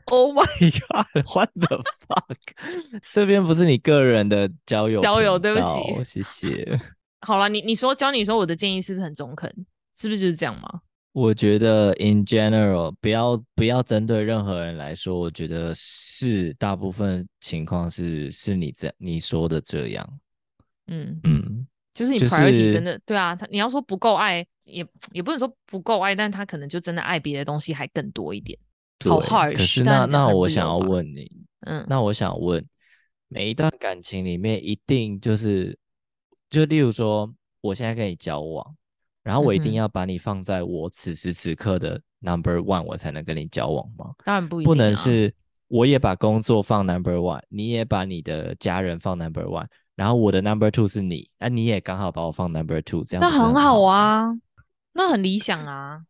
？Oh my god，what the fuck？ 這邊不是你個人的交友交友，對不起，謝謝。好啦，你你說教你說我的建議是不是很中肯？是不是就是這樣嗎？我覺得，in general，不要不要針對任何人來說。我覺得是大部分情況是，是你這你說的這樣。嗯嗯，就是你 priority 真的、就是、真的對啊。他你要說不夠愛，也也不能說不夠愛，但他可能就真的愛別的東西還更多一點。對，好 h arsh，可是那那我想要問你，嗯，那我想問，每一段感情裡面一定就是，就例如說，我現在跟你交往。然後我一定要把你放在我此時此刻的 number one，我才能跟你交往嗎？當然不一定、啊，不能是我也把工作放 number one，你也把你的家人放 number one，然後我的 number two 是你，那、啊、你也剛好把我放 number two，這樣子那很好啊，嗯、那很理想啊。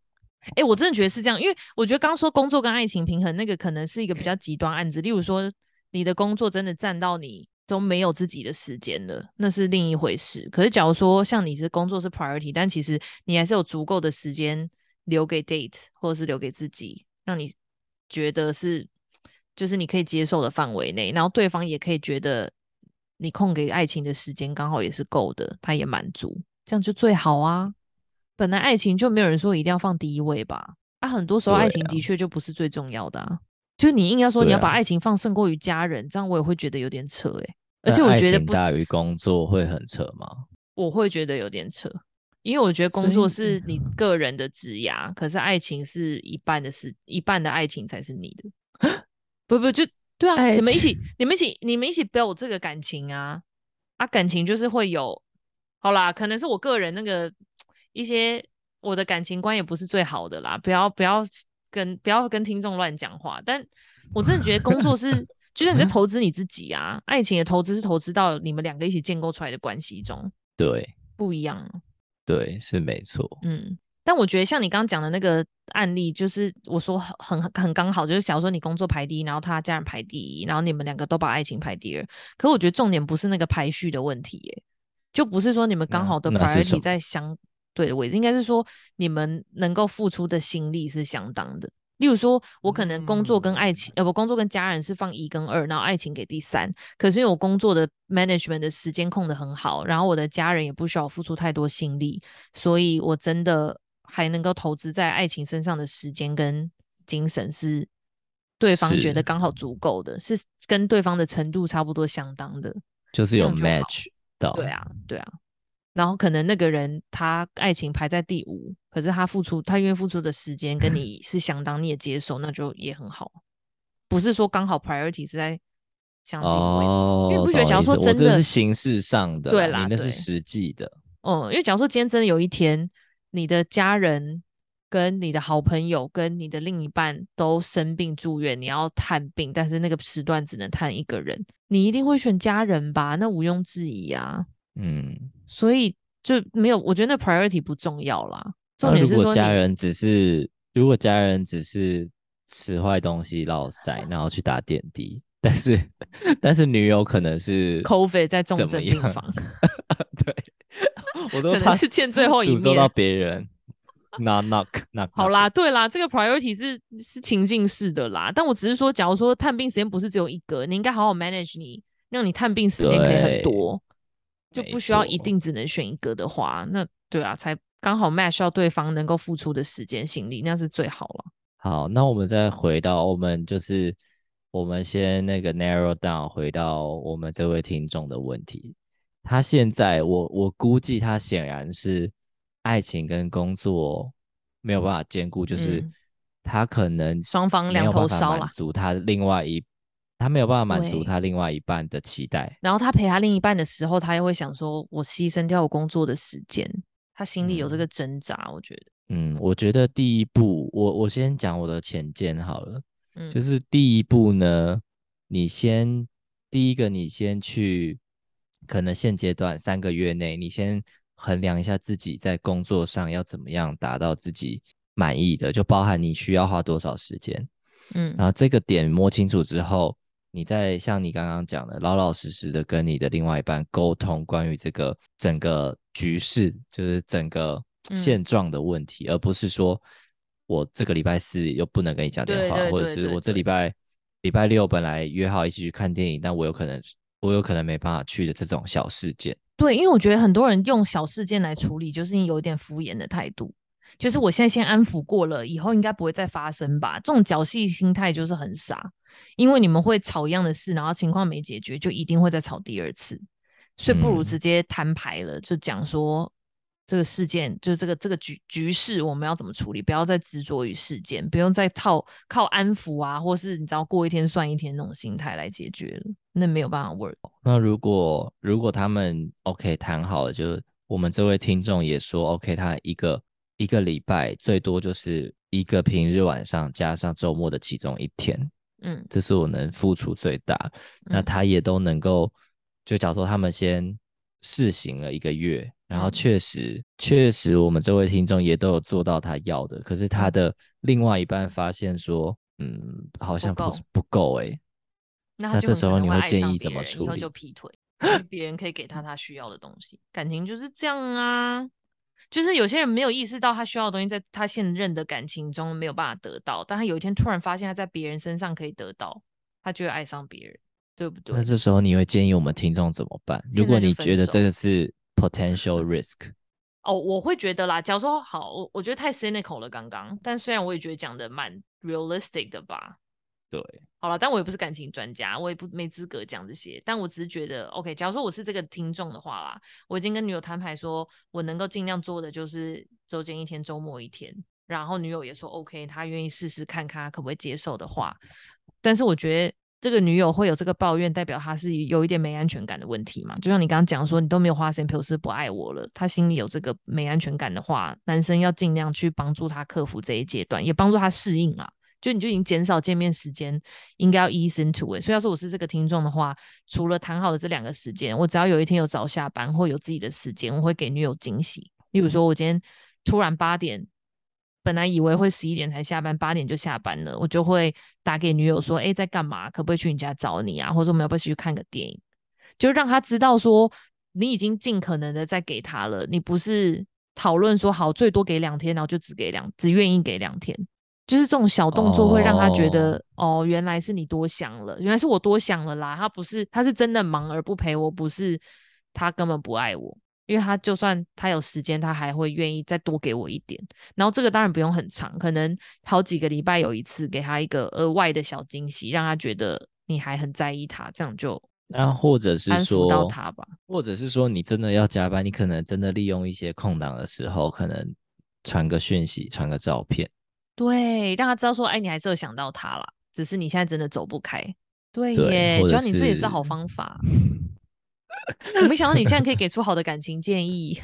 哎、欸，我真的覺得是這樣，因為我覺得剛剛說工作跟愛情平衡那個可能是一個比較極端案子。例如說，你的工作真的佔到你。都沒有自己的時間了，那是另一回事。可是，假如說像你是工作是 priority，但其實你還是有足夠的時間留給 date，或者是留給自己，讓你覺得是就是你可以接受的範圍內，然後對方也可以覺得你空給愛情的時間剛好也是夠的，他也滿足，這樣就最好啊。本來愛情就沒有人說一定要放第一位吧？啊，很多時候愛情的確就不是最重要的啊。就你硬要說你要把愛情放勝過於家人，啊、這樣我也會覺得有點扯誒、欸，而且我覺得大於工作會很扯嗎我？我會覺得有點扯，因為我覺得工作是你個人的職涯，以可是愛情是一半的事，嗯、一半的愛情才是你的。不不，就對啊，情你們一起，你們一起，你們一起 build 這個感情啊啊，感情就是會有。好啦，可能是我個人那個一些我的感情觀也不是最好的啦，不要不要。跟不要跟聽眾亂講話，但我真的覺得工作是， 就是你在投資你自己啊，嗯、愛情的投資是投資到你們兩個一起建構出來的關係中，對，不一樣，對，是沒錯，嗯，但我覺得像你剛剛講的那個案例，就是我說很很很剛好，就是想說你工作排第一，然後他家人排第一，然後你們兩個都把愛情排第二，可是我覺得重點不是那個排序的問題，耶，就不是說你們剛好都排你在相。對，我應該是說，你們能夠付出的心力是相當的。例如說，我可能工作跟愛情，嗯、呃，不，工作跟家人是放一跟二，然後愛情給第三。可是因為我工作的 management 的時間控得很好，然後我的家人也不需要付出太多心力，所以我真的還能夠投資在愛情身上的時間跟精神是對方覺得剛好足夠的，是，是跟對方的程度差不多相當的，就是有 match 的。到對啊，對啊。然後可能那個人他愛情排在第五，可是他付出，他願意付出的時間跟你是相當，你也接受，哼那就也很好。不是說剛好 priority 是在相近位置，哦、因為不覺得假如說真的，是形式上的，對啦，那是實際的。嗯，因為假如說今天真的有一天，你的家人、跟你的好朋友、跟你的另一半都生病住院，你要探病，但是那個時段只能探一個人，你一定會選家人吧？那毋庸置疑啊。嗯，所以就沒有，我覺得那 priority 不重要啦。重點是說，如果家人只是如果家人只是吃壞東西、落塞，然後去打點滴，但是但是女友可能是 COVID 在重症病房， 對，我都怕是欠最後一面，詛咒到別人。好啦，對啦，這個 priority 是是情境式的啦。但我只是說，假如說探病時間不是只有一個，你應該好好 manage 你，讓你探病時間可以很多。就不需要一定只能選一個的話，沒錯。那對啊，才剛好 match 到對方能夠付出的時間、心力，那是最好了。好，那我們再回到我們，就是我們先那個 narrow down 回到我們這位聽眾的問題。他現在，我我估計他顯然是愛情跟工作沒有辦法兼顧，嗯、就是他可能雙方兩頭燒嘛，他另外一。他沒有辦法滿足他另外一半的期待，嗯、然後他陪他另一半的時候，他又會想說：“我犧牲掉我工作的時間。”他心裡有這個掙扎。嗯、我覺得，嗯，我覺得第一步，我我先講我的淺見好了，嗯、就是第一步呢，你先第一個，你先去，可能現階段三個月內，你先衡量一下自己在工作上要怎麼樣達到自己滿意的，就包含你需要花多少時間，嗯，然後這個點摸清楚之後。你在像你剛剛講的，老老實實的跟你的另外一半溝通關於這個整個局勢，就是整個現狀的問題，嗯，而不是說我這個禮拜四又不能跟你講電話，或者是我這禮拜禮拜六本來約好一起去看電影，但我有可能我有可能沒辦法去的這種小事件。對，因為我覺得很多人用小事件來處理，就是你有一點敷衍的態度，就是我現在先安撫過了，以後應該不會再發生吧？這種僥倖心態就是很傻。因為你們會吵一樣的事，然後情況沒解決，就一定會再吵第二次，所以不如直接攤牌了，嗯，就講說這個事件，就這個這個局局勢，我們要怎麼處理？不要再執着於事件，不用再靠靠安撫啊，或是你知道過一天算一天那種心態來解決了，那沒有辦法 work 哦。那如果如果他們 OK 談好了，就是我們這位聽眾也說 OK，他一個一個禮拜最多就是一個平日晚上加上周末的其中一天。嗯，這是我能付出最大。那他也都能夠，嗯、就假設他們先試行了一個月，然後確實確實，嗯、確實我們這位聽眾也都有做到他要的。可是他的另外一半發現說，嗯，嗯，好像不是不夠哎。夠欸、那，那這時候你會建議怎麼處理？以後就劈腿，別 人可以給他他需要的東西，感情就是這樣啊。就是有些人沒有意識到他需要的東西，在他現任的感情中沒有辦法得到，但他有一天突然發現他在別人身上可以得到，他就會愛上別人，對不對？那這時候你會建議我們聽眾怎麼辦？如果你覺得這個是 potential risk，、嗯、哦，我會覺得啦。假如說好，我覺得太 cynical 了，剛剛。但雖然我也覺得講得蠻 realistic 的吧。對，好了，但我也不是感情專家，我也不沒資格講這些。但我只是覺得，OK，假如說我是這個聽眾的話啦，我已經跟女友攤牌，說我能夠儘量做的就是周間一天，周末一天，然後女友也說 OK，她願意試試看看她可不可以接受的話。但是我覺得這個女友會有這個抱怨，代表她是有一點沒安全感的問題嘛？就像你剛剛講說，你都沒有花時間陪我，是不愛我了？她心裡有這個沒安全感的話，男生要儘量去幫助她克服這一階段，也幫助她適應啊。就你就已經減少見面時間，應該要 ease into it。所以要是我是這個聽眾的話，除了談好了這兩個時間，我只要有一天有早下班或有自己的時間，我會給女友驚喜。例如說，我今天突然八點，本來以為會十一點才下班，八點就下班了，我就會打給女友說：“哎、欸，在幹嘛？可不可以去你家找你啊？或者我們要不要去看個電影？”就讓她知道說，你已經盡可能的在給她了。你不是討論說好最多給兩天，然後就只給兩，只願意給兩天。就是這種小動作會讓他覺得，哦，哦，原來是你多想了，原來是我多想了啦。他不是，他是真的忙而不陪我，我不是他根本不愛我，因為他就算他有時間，他還會願意再多給我一點。然後這個當然不用很長，可能好幾個禮拜有一次，給他一個額外的小驚喜，讓他覺得你還很在意他，這樣就那、啊、或者是說安撫到他吧，或者是說你真的要加班，你可能真的利用一些空檔的時候，可能傳個訊息，傳個照片。對，讓他知道說，哎，你還是有想到他啦，只是你現在真的走不開。對耶，主要你這也是好方法。 沒想到你現在可以給出好的感情建議。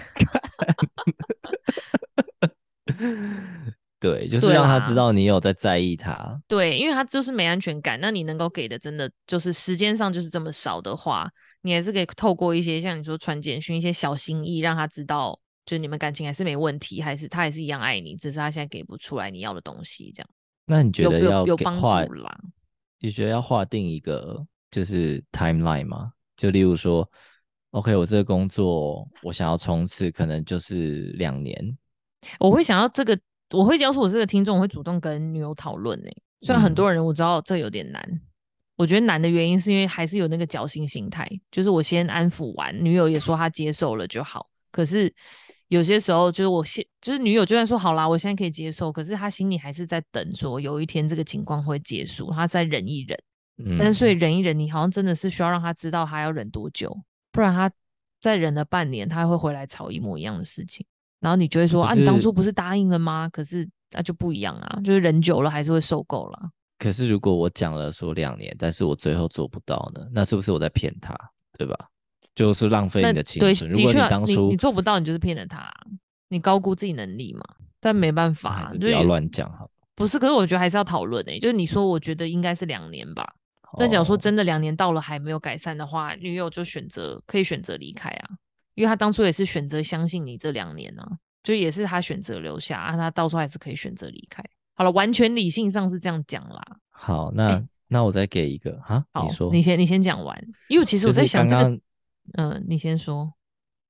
對，就是讓他知道你有在在意他，對啊。對，因為他就是沒安全感，那你能夠給的真的就是時間上就是這麼少的話，你還是可以透過一些像你說傳簡訊一些小心意，讓他知道。就你們感情還是沒問題，還是他還是一樣愛你，只是他現在給不出來你要的東西這樣。那你覺得要有幫助啦？啊？你覺得要劃定一個就是 timeline 嗎？就例如說，OK，我這個工作我想要衝刺，可能就是兩年。我會想要這個，我會告訴我這個聽眾，我會主動跟女友討論誒。雖然很多人我知道這有點難，嗯、我覺得難的原因是因為還是有那個僥幸心態，就是我先安撫完女友，也說她接受了就好，可是。有些時候就是我現就是女友，就算說好啦，我現在可以接受，可是她心裡還是在等，說有一天這個情況會結束，她再忍一忍。嗯。但是所以忍一忍，你好像真的是需要讓她知道她要忍多久，不然她再忍了半年，她還會回來吵一模一樣的事情，然後你就會說是啊，你當初不是答應了嗎？可是那、啊、就不一樣啊，就是忍久了還是會受夠了。可是如果我講了說兩年，但是我最後做不到呢，那是不是我在騙她？對吧？就是浪費你的情緒。對，如果你當初你，你做不到，你就是騙了他、啊。你高估自己能力嘛？但沒辦法、啊，嗯、不要亂講好了不是，可是我覺得還是要討論誒。就是你說，我覺得應該是兩年吧。嗯、那假如說真的兩年到了還沒有改善的話，女友、哦、就選擇可以選擇離開啊，因為他當初也是選擇相信你這兩年啊，就也是他選擇留下啊，他到時候還是可以選擇離開。好了，完全理性上是這樣講啦。好，那、欸、那我再給一個哈。好你說，你先你先講完，因為其實我在想這個。嗯，你先說。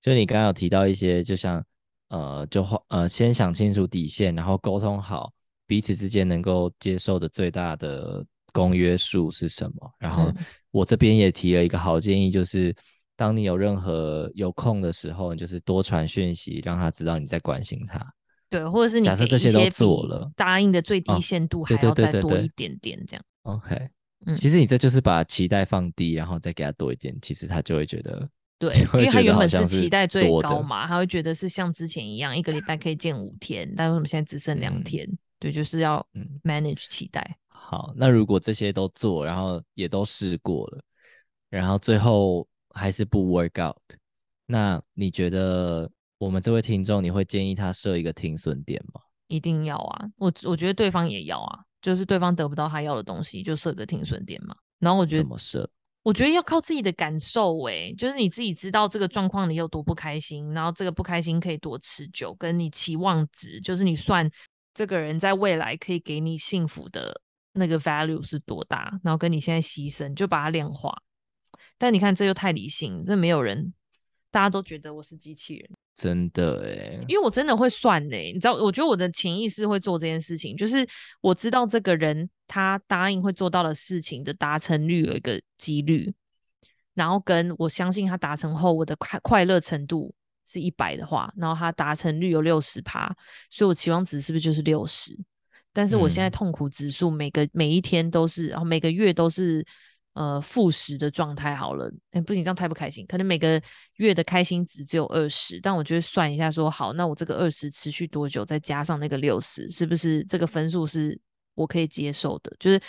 就你剛剛有提到一些，就像呃，就呃，先想清楚底線，然後溝通好彼此之間能夠接受的最大的公約數是什麼？然後我這邊也提了一個好建議，就是、嗯、當你有任何有空的時候，你就是多傳訊息，讓他知道你在關心他。對，或者是你假設這些都做了，答應的最低限度還要再多一點點，這樣。哦、對對對對對對 OK。其實你這就是把期待放低，嗯、然後再給他多一點，其實他就會覺得對，得因為他原本是期待最高嘛，他會覺得是像之前一樣，嗯、一個禮拜可以見五天，但為什麼現在只剩兩天？嗯、對，就是要 manage 期待。好，那如果這些都做，然後也都試過了，然後最後還是不 work out，那你覺得我們這位聽眾，你會建議他設一個停損點嗎？一定要啊，我我覺得對方也要啊。就是對方得不到他要的東西，就設個停損點嘛。然後我覺得怎麼設？我覺得要靠自己的感受誒、欸，就是你自己知道這個狀況你有多不開心，然後這個不開心可以多持久，跟你期望值，就是你算這個人在未來可以給你幸福的那個 value 是多大，然後跟你現在犧牲就把它量化。但你看，這又太理性，這沒有人，大家都覺得我是機器人。真的哎、欸，因為我真的會算哎、欸，你知道，我覺得我的潛意識會做這件事情，就是我知道這個人他答應會做到的事情的達成率有一個幾率，然後跟我相信他達成後我的快快樂程度是一百的話，然後他達成率有六十趴，所以我期望值是不是就是六十？但是我現在痛苦指數每個、嗯、每一天都是，然後每個月都是。呃，負十的狀態好了，哎，不行這樣太不開心，可能每個月的開心值只有二十，但我就會算一下說，說好，那我這個二十持續多久，再加上那個六十，是不是這個分數是我可以接受的？就是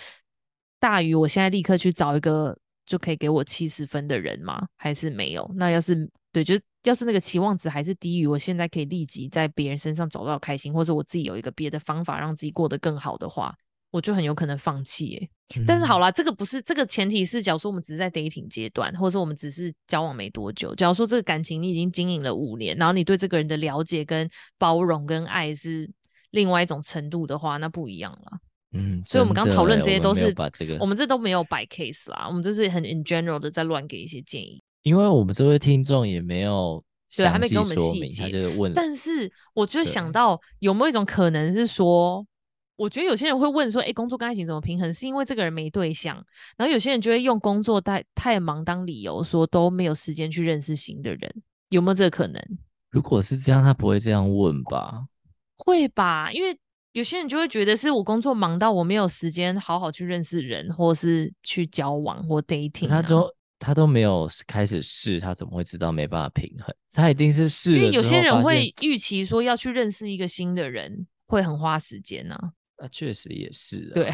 大於我現在立刻去找一個就可以給我七十分的人嗎？還是沒有？那要是對，就是要是那個期望值還是低於我現在可以立即在別人身上找到開心，或者我自己有一個別的方法讓自己過得更好的話，我就很有可能放棄、欸。哎。但是好啦，嗯、這個不是，這個前提是假如說我們只是在 dating 階段，或者說我們只是交往沒多久。假如說這個感情你已經經營了五年，然後你對這個人的了解、跟包容、跟愛是另外一種程度的話，那不一樣了。嗯，所以我們剛剛討論這些都是，哎，我們沒有把這個。我們這都沒有擺 case 啦，我們這是很 in general 的在亂給一些建議。因為我們這位聽眾也沒有，對，還沒給我們細節，他就問。但是我就想到，有沒有一種可能是說？我覺得有些人會問說：“哎、欸，工作跟愛情怎麼平衡？”是因為這個人沒對象，然後有些人就會用工作太太忙當理由，說都沒有時間去認識新的人，有沒有這個可能？如果是這樣，他不會這樣問吧？會吧，因為有些人就會覺得是我工作忙到我沒有時間好好去認識人，或是去交往或 dating，啊。他都他都沒有開始試，他怎麼會知道沒辦法平衡？他一定是試。因為有些人會預期說要去認識一個新的人會很花時間吶，啊。啊，那確實也是啊。對，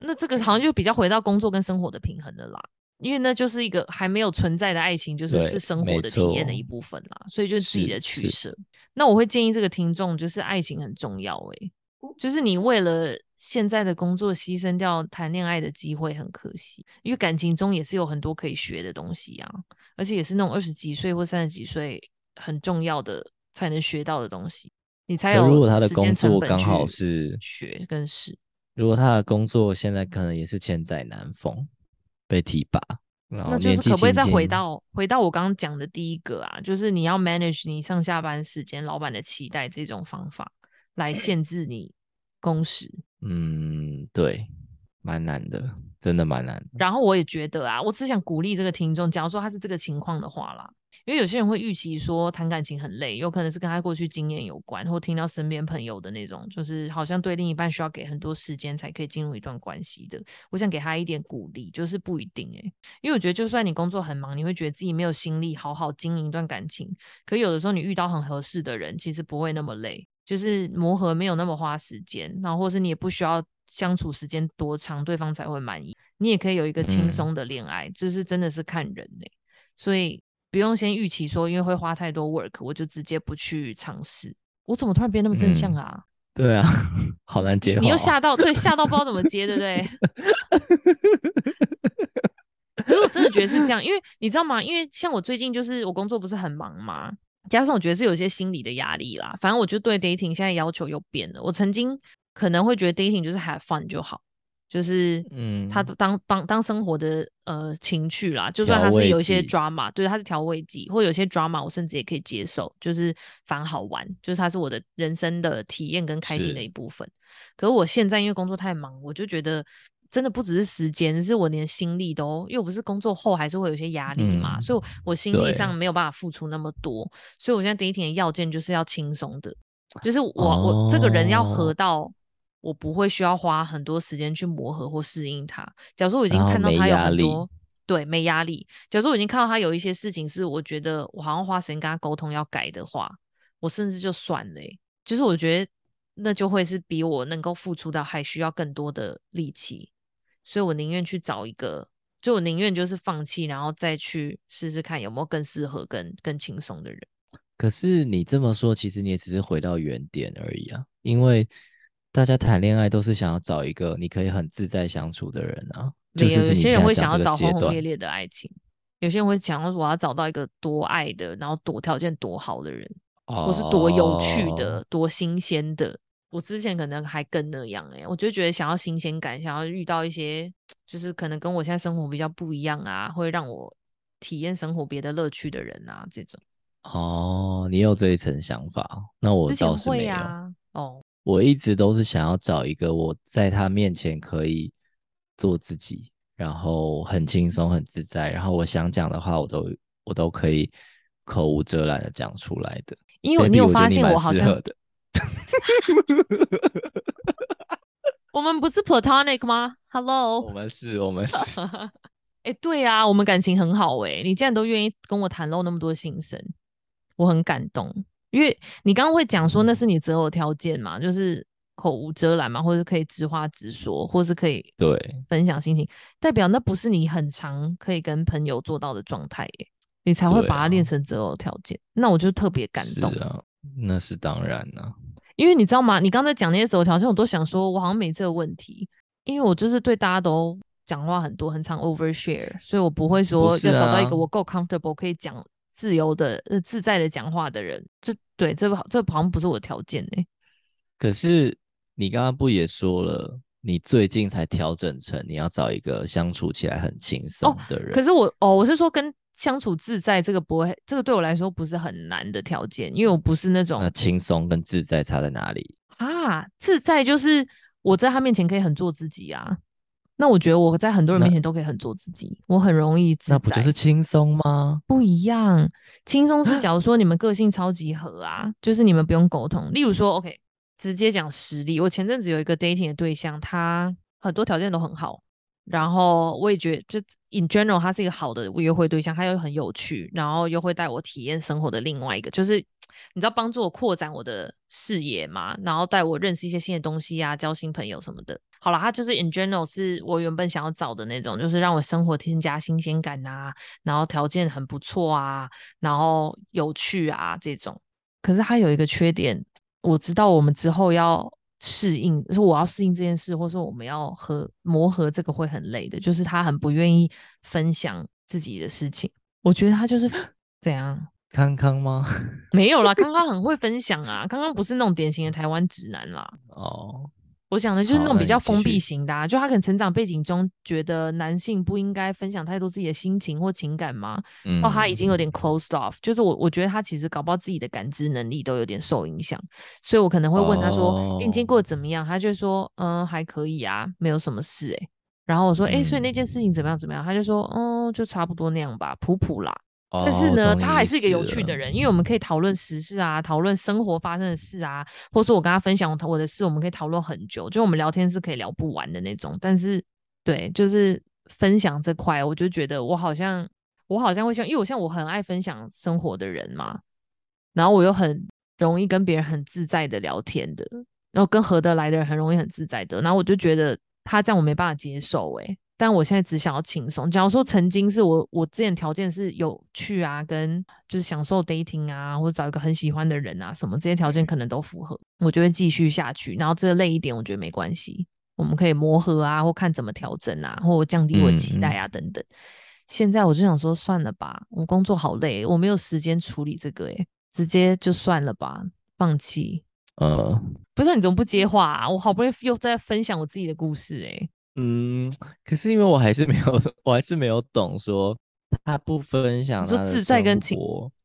那這個好像就比較回到工作跟生活的平衡的啦，因為那就是一個還沒有存在的愛情，就是是生活的體驗的一部分啦，所以就是自己的取捨。那我會建議這個聽眾，就是愛情很重要，欸，誒，就是你為了現在的工作犧牲掉談戀愛的機會，很可惜，因為感情中也是有很多可以學的東西啊，而且也是那種二十幾歲或三十幾歲很重要的才能學到的東西。你才有。如果他的工作剛好是學跟實，如果他的工作現在可能也是千載難逢被提拔，年紀輕輕，那就是可不可以再回到回到我剛剛講的第一個啊，就是你要 manage 你上下班時間，老板的期待這種方法來限制你工時。嗯，對，蠻難的，真的蠻難的。然後我也覺得啊，我只想鼓勵這個聽眾，假如說他是這個情況的話啦。因為有些人會預期說，談感情很累，有可能是跟他過去經驗有關，或聽到身邊朋友的那種，就是好像對另一半需要給很多時間才可以進入一段關係的。我想給他一點鼓勵，就是不一定誒、欸。因為我覺得就算你工作很忙，你會覺得自己沒有心力好好經營一段感情，可有的時候你遇到很合適的人，其實不會那麼累，就是磨合沒有那麼花時間，然後或是你也不需要相處時間多長，對方才會滿意，你也可以有一個輕鬆的戀愛，嗯、這是真的是看人的、欸、所以。不用先預期說，因為會花太多 work，我就直接不去嘗試。我怎麼突然變那麼正向啊、嗯？對啊，好難接。你又嚇到，對，嚇到不知道怎麼接，對不對？ 可是我真的覺得是這樣，因為你知道嗎？因為像我最近就是我工作不是很忙嘛，加上我覺得是有些心理的壓力啦。反正我就對 dating 現在要求又變了。我曾經可能會覺得 dating 就是 have fun 就好。就是，嗯，他當幫當生活的呃情趣啦，就算他是有一些 drama，對，他是調味劑，或有些 drama，我甚至也可以接受，就是反好玩，就是他是我的人生的體驗跟開心的一部分。是可是我現在因為工作太忙，我就覺得真的不只是時間，只是我連心力都，因為我不是工作後還是會有些壓力嘛，嗯、所以，我心力上沒有辦法付出那麼多，對所以我現在 dating 的要件就是要輕鬆的，就是我、哦、我這個人要合到。我不會需要花很多時間去磨合或適應他。假如說我已經看到他有很多沒對沒壓力，假如說我已經看到他有一些事情是我覺得我好像花時間跟他溝通要改的話，我甚至就算了。就是我覺得那就會是比我能夠付出到還需要更多的力氣，所以我寧願去找一個，就我寧願就是放棄，然後再去試試看有沒有更適合、跟更輕鬆的人。可是你這麼說，其實你也只是回到原點而已啊，因為。大家談戀愛都是想要找一個你可以很自在相處的人啊。有就是有些人會想要找轟轟烈烈的愛情，有些人會想要說我要找到一個多愛的，然後多條件多好的人，我、哦、是多有趣的、多新鮮的。我之前可能還跟那樣誒、欸，我就覺得想要新鮮感，想要遇到一些就是可能跟我現在生活比較不一樣啊，會讓我體驗生活別的樂趣的人啊，這種。哦，你有這一層想法，那我之前會啊，哦。我一直都是想要找一個我在他面前可以做自己，然後很輕鬆、很自在，然後我想講的話，我都我都可以口無遮攔的講出來的。因為你，有 Baby, 你有發現我，合的我好像，我們不是 platonic 嗎？Hello，我們是，我們是。哎、 欸，對啊，我們感情很好哎，你竟然都願意跟我袒露那麼多心聲，我很感動。因為你剛剛會講說那是你擇偶條件嘛，就是口無遮攔嘛，或者可以直話直說，或是可以對分享心情，對代表那不是你很常可以跟朋友做到的狀態耶，你才會把它練成擇偶條件。啊、那我就特別感動。是、啊，那是當然了，啊，因為你知道嗎？你剛才講那些擇偶條件，我都想說我好像沒這個問題，因為我就是對大家都講話很多，很常 over share，所以我不會說要找到一個我夠 comfortable 可以講。自由的呃，自在的講話的人，這對這個好，這個好像不是我的條件呢。可是你剛剛不也說了，你最近才調整成你要找一個相處起來很輕鬆的人、哦。可是我哦，我是說跟相處自在這個不會，這個對我來說不是很難的條件，因為我不是那種。那輕鬆跟自在差在哪裡啊？自在就是我在他面前可以很做自己啊。那我覺得我在很多人面前都可以很做自己，那我很容易自在。那不就是輕鬆嗎？不一樣，輕鬆是假如說你們個性超級合啊， 就是你們不用溝通。例如說，OK，直接講實例，我前陣子有一個 dating 的對象，他很多條件都很好，然後我也覺得就 in general 他是一個好的約會對象，他又很有趣，然後又會帶我體驗生活的另外一個就是你知道幫助我擴展我的視野嘛，然後帶我認識一些新的東西呀、啊，交新朋友什麼的。好了，他就是 in general 是我原本想要找的那種，就是讓我生活添加新鮮感啊，然後條件很不錯啊，然後有趣啊這種。可是他有一個缺點，我知道我們之後要適應，就是我要適應這件事，或是我們要和磨合這個會很累的。就是他很不願意分享自己的事情，我覺得他就是 怎樣？康康嗎？ 沒有啦，康康很會分享啊，康康不是那種典型的台灣直男啦。哦。Oh. 我想的就是那種比較封閉型的、啊，就他可能成長背景中覺得男性不應該分享太多自己的心情或情感嘛，嗯、然後他已經有點 closed off，就是我我覺得他其實搞不好自己的感知能力都有點受影響，所以我可能會問他說：“哦欸、你經過得怎麼樣？”他就說：“嗯，還可以啊，沒有什麼事。”哎，然後我說：“哎、欸，嗯、所以那件事情怎麼樣怎麼樣？”他就說：“嗯，就差不多那樣吧，普普啦。”但是呢，oh, 他還是一個有趣的人，因為我們可以討論時事啊，討論生活發生的事啊，或是說我跟他分享我的事，我們可以討論很久，就我們聊天是可以聊不完的那種。但是，對，就是分享這塊，我就覺得我好像我好像會像，因為我像我很愛分享生活的人嘛，然後我又很容易跟別人很自在的聊天的，然後跟合得來的人很容易很自在的，然後我就覺得他這樣我沒辦法接受，欸，誒。但我現在只想要輕鬆。假如說曾經是我，我之前條件，是有趣啊，跟就是享受 dating 啊，或者找一個很喜歡的人啊，什麼這些條件可能都符合，我就會繼續下去。然後這累一點，我覺得沒關係，我們可以磨合啊，或看怎麼調整啊，或降低我的期待啊等等。嗯、現在我就想說，算了吧，我工作好累，我沒有時間處理這個、欸，誒，直接就算了吧，放棄。呃、uh，不是，你怎麼不接話、啊？我好不容易又在分享我自己的故事、欸，誒。嗯，可是因為我還是沒有，我還是沒有懂說他不分享說自在跟情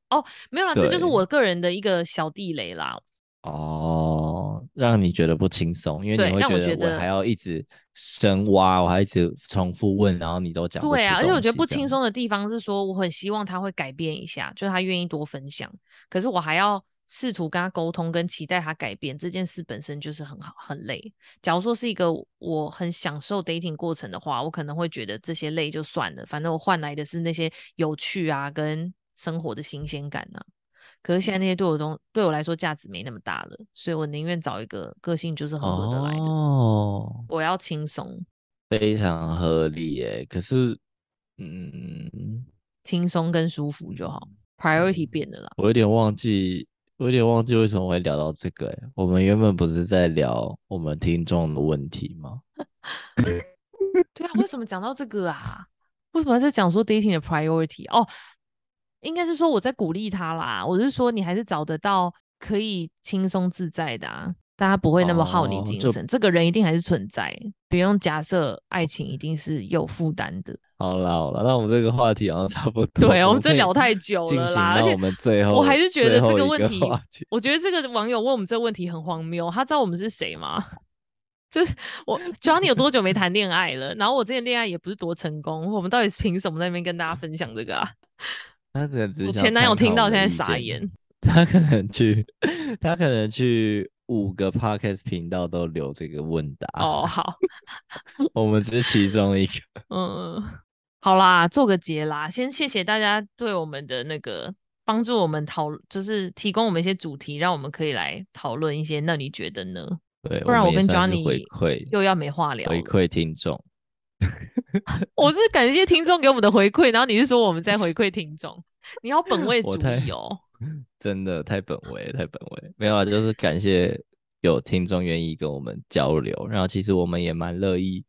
哦，沒有啦，對這就是我個人的一個小地雷啦。哦，讓你覺得不輕鬆，因為你會覺得我還要一直深挖，我,我還要一直重複問，然後你都講。對啊，而且我覺得不輕鬆的地方是說，我很希望他會改變一下，就他願意多分享，可是我還要。試圖跟他溝通，跟期待他改變這件事本身就是很好很累。假如說是一個我很享受 dating 過程的話，我可能會覺得這些累就算了，反正我換來的是那些有趣啊跟生活的新鮮感吶、啊。可是現在那些對我都對我來說價值沒那麼大了，所以我寧願找一個個性就是很合得來的，哦、我要輕鬆，非常合理耶。可是，嗯，輕鬆跟舒服就好，priority 變了啦、嗯。我有點忘記。我有點忘記為什麼會聊到這個、欸、我們原本不是在聊我們聽眾的問題嗎？ 對啊，為什麼講到這個啊？為什麼還在講說 dating 的 priority？哦，應該是說我在鼓勵他啦，我是說你還是找得到可以輕鬆自在的啊。大家不會那麼耗你精神，oh, 就這個人一定還是存在，不用假設愛情一定是有負擔的。好了好了，那我們這個話題好像差不多。對哦，我們真聊太久了啦，而且我們最後我還是覺得這個問題，題，我覺得這個網友問我們這個問題很荒謬。他知道我們是誰嗎？ 就是我 Johnny 有多久沒談戀愛了？ 然後我之前戀愛也不是多成功，我們到底是憑什麼在那邊跟大家分享這個啊？他可能只是前男友聽到現在傻眼。他可能去，他可能去。五個 podcast 頻道都留這個問答哦，oh, 好， 我們只是其中一個。 嗯，好啦，做個結啦，先謝謝大家對我們的那個幫助，我們討就是提供我們一些主題，讓我們可以來討論一些。那你覺得呢？對，不然我跟 Johnny 又要沒話聊了。回饋聽眾， 我是感謝聽眾給我們的回饋，然後你是說我們在回饋聽眾， 你要本位主義哦。 真的太本位，太本位，太本位，沒有啊，就是感謝有聽眾願意跟我們交流，然後其實我們也蠻樂意，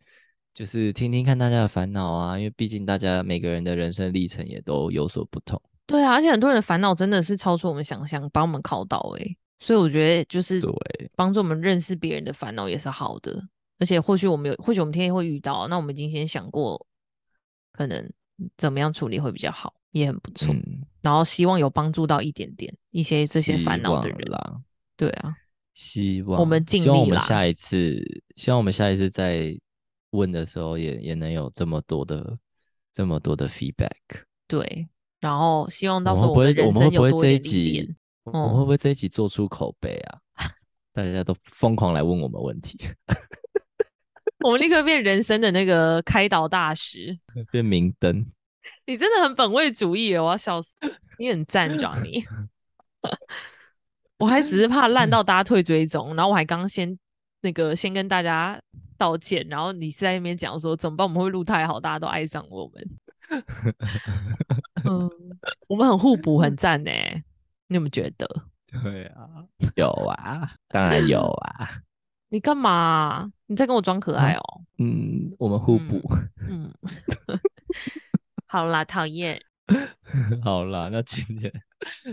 就是聽聽看大家的煩惱啊，因為畢竟大家每個人的人生歷程也都有所不同。對啊，而且很多人的煩惱真的是超出我們想象，把我們考倒、欸、所以我覺得就是對幫助我們認識別人的煩惱也是好的，對而且或許我們有，或許我們天天會遇到，那我們已經先想過，可能怎麼樣處理會比較好，也很不錯。嗯然後希望有幫助到一點點，一些這些煩惱的人啦，對啊，希望，希望我們盡力啦。下一次，希望我們下一次在問的時候也也能有這麼多的這麼多的 feedback。對，然後希望到時候我們點點我會不會這一集，我們會不會這一集、嗯、集做出口碑啊？ 大家都瘋狂來問我們問題， 我們立刻變人生的那個開導大師，變明燈。你真的很本位主義哦！我要笑死你。你很讚，主 你。 我還只是怕爛到大家退追蹤，然後我還剛先那個先跟大家道歉，然後你是在那邊講說怎麼辦？我們會錄太好，大家都愛上我們。 嗯，我們很互補，很讚呢。你有沒有覺得？對啊，有啊，當然有啊。 你幹嘛？你在跟我裝可愛哦、喔？嗯，我們互補、嗯。嗯。 好啦，討厭。 好啦，那今天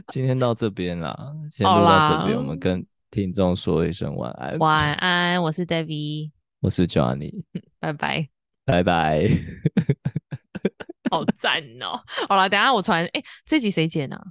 今天到這邊啦，先到這邊，我們跟聽眾說一聲晚安。晚安，我是 Debbie，我是 Johnny，拜拜，拜拜。 好讚哦、喔！好啦，等一下我傳。哎、欸，這集誰剪呢、啊？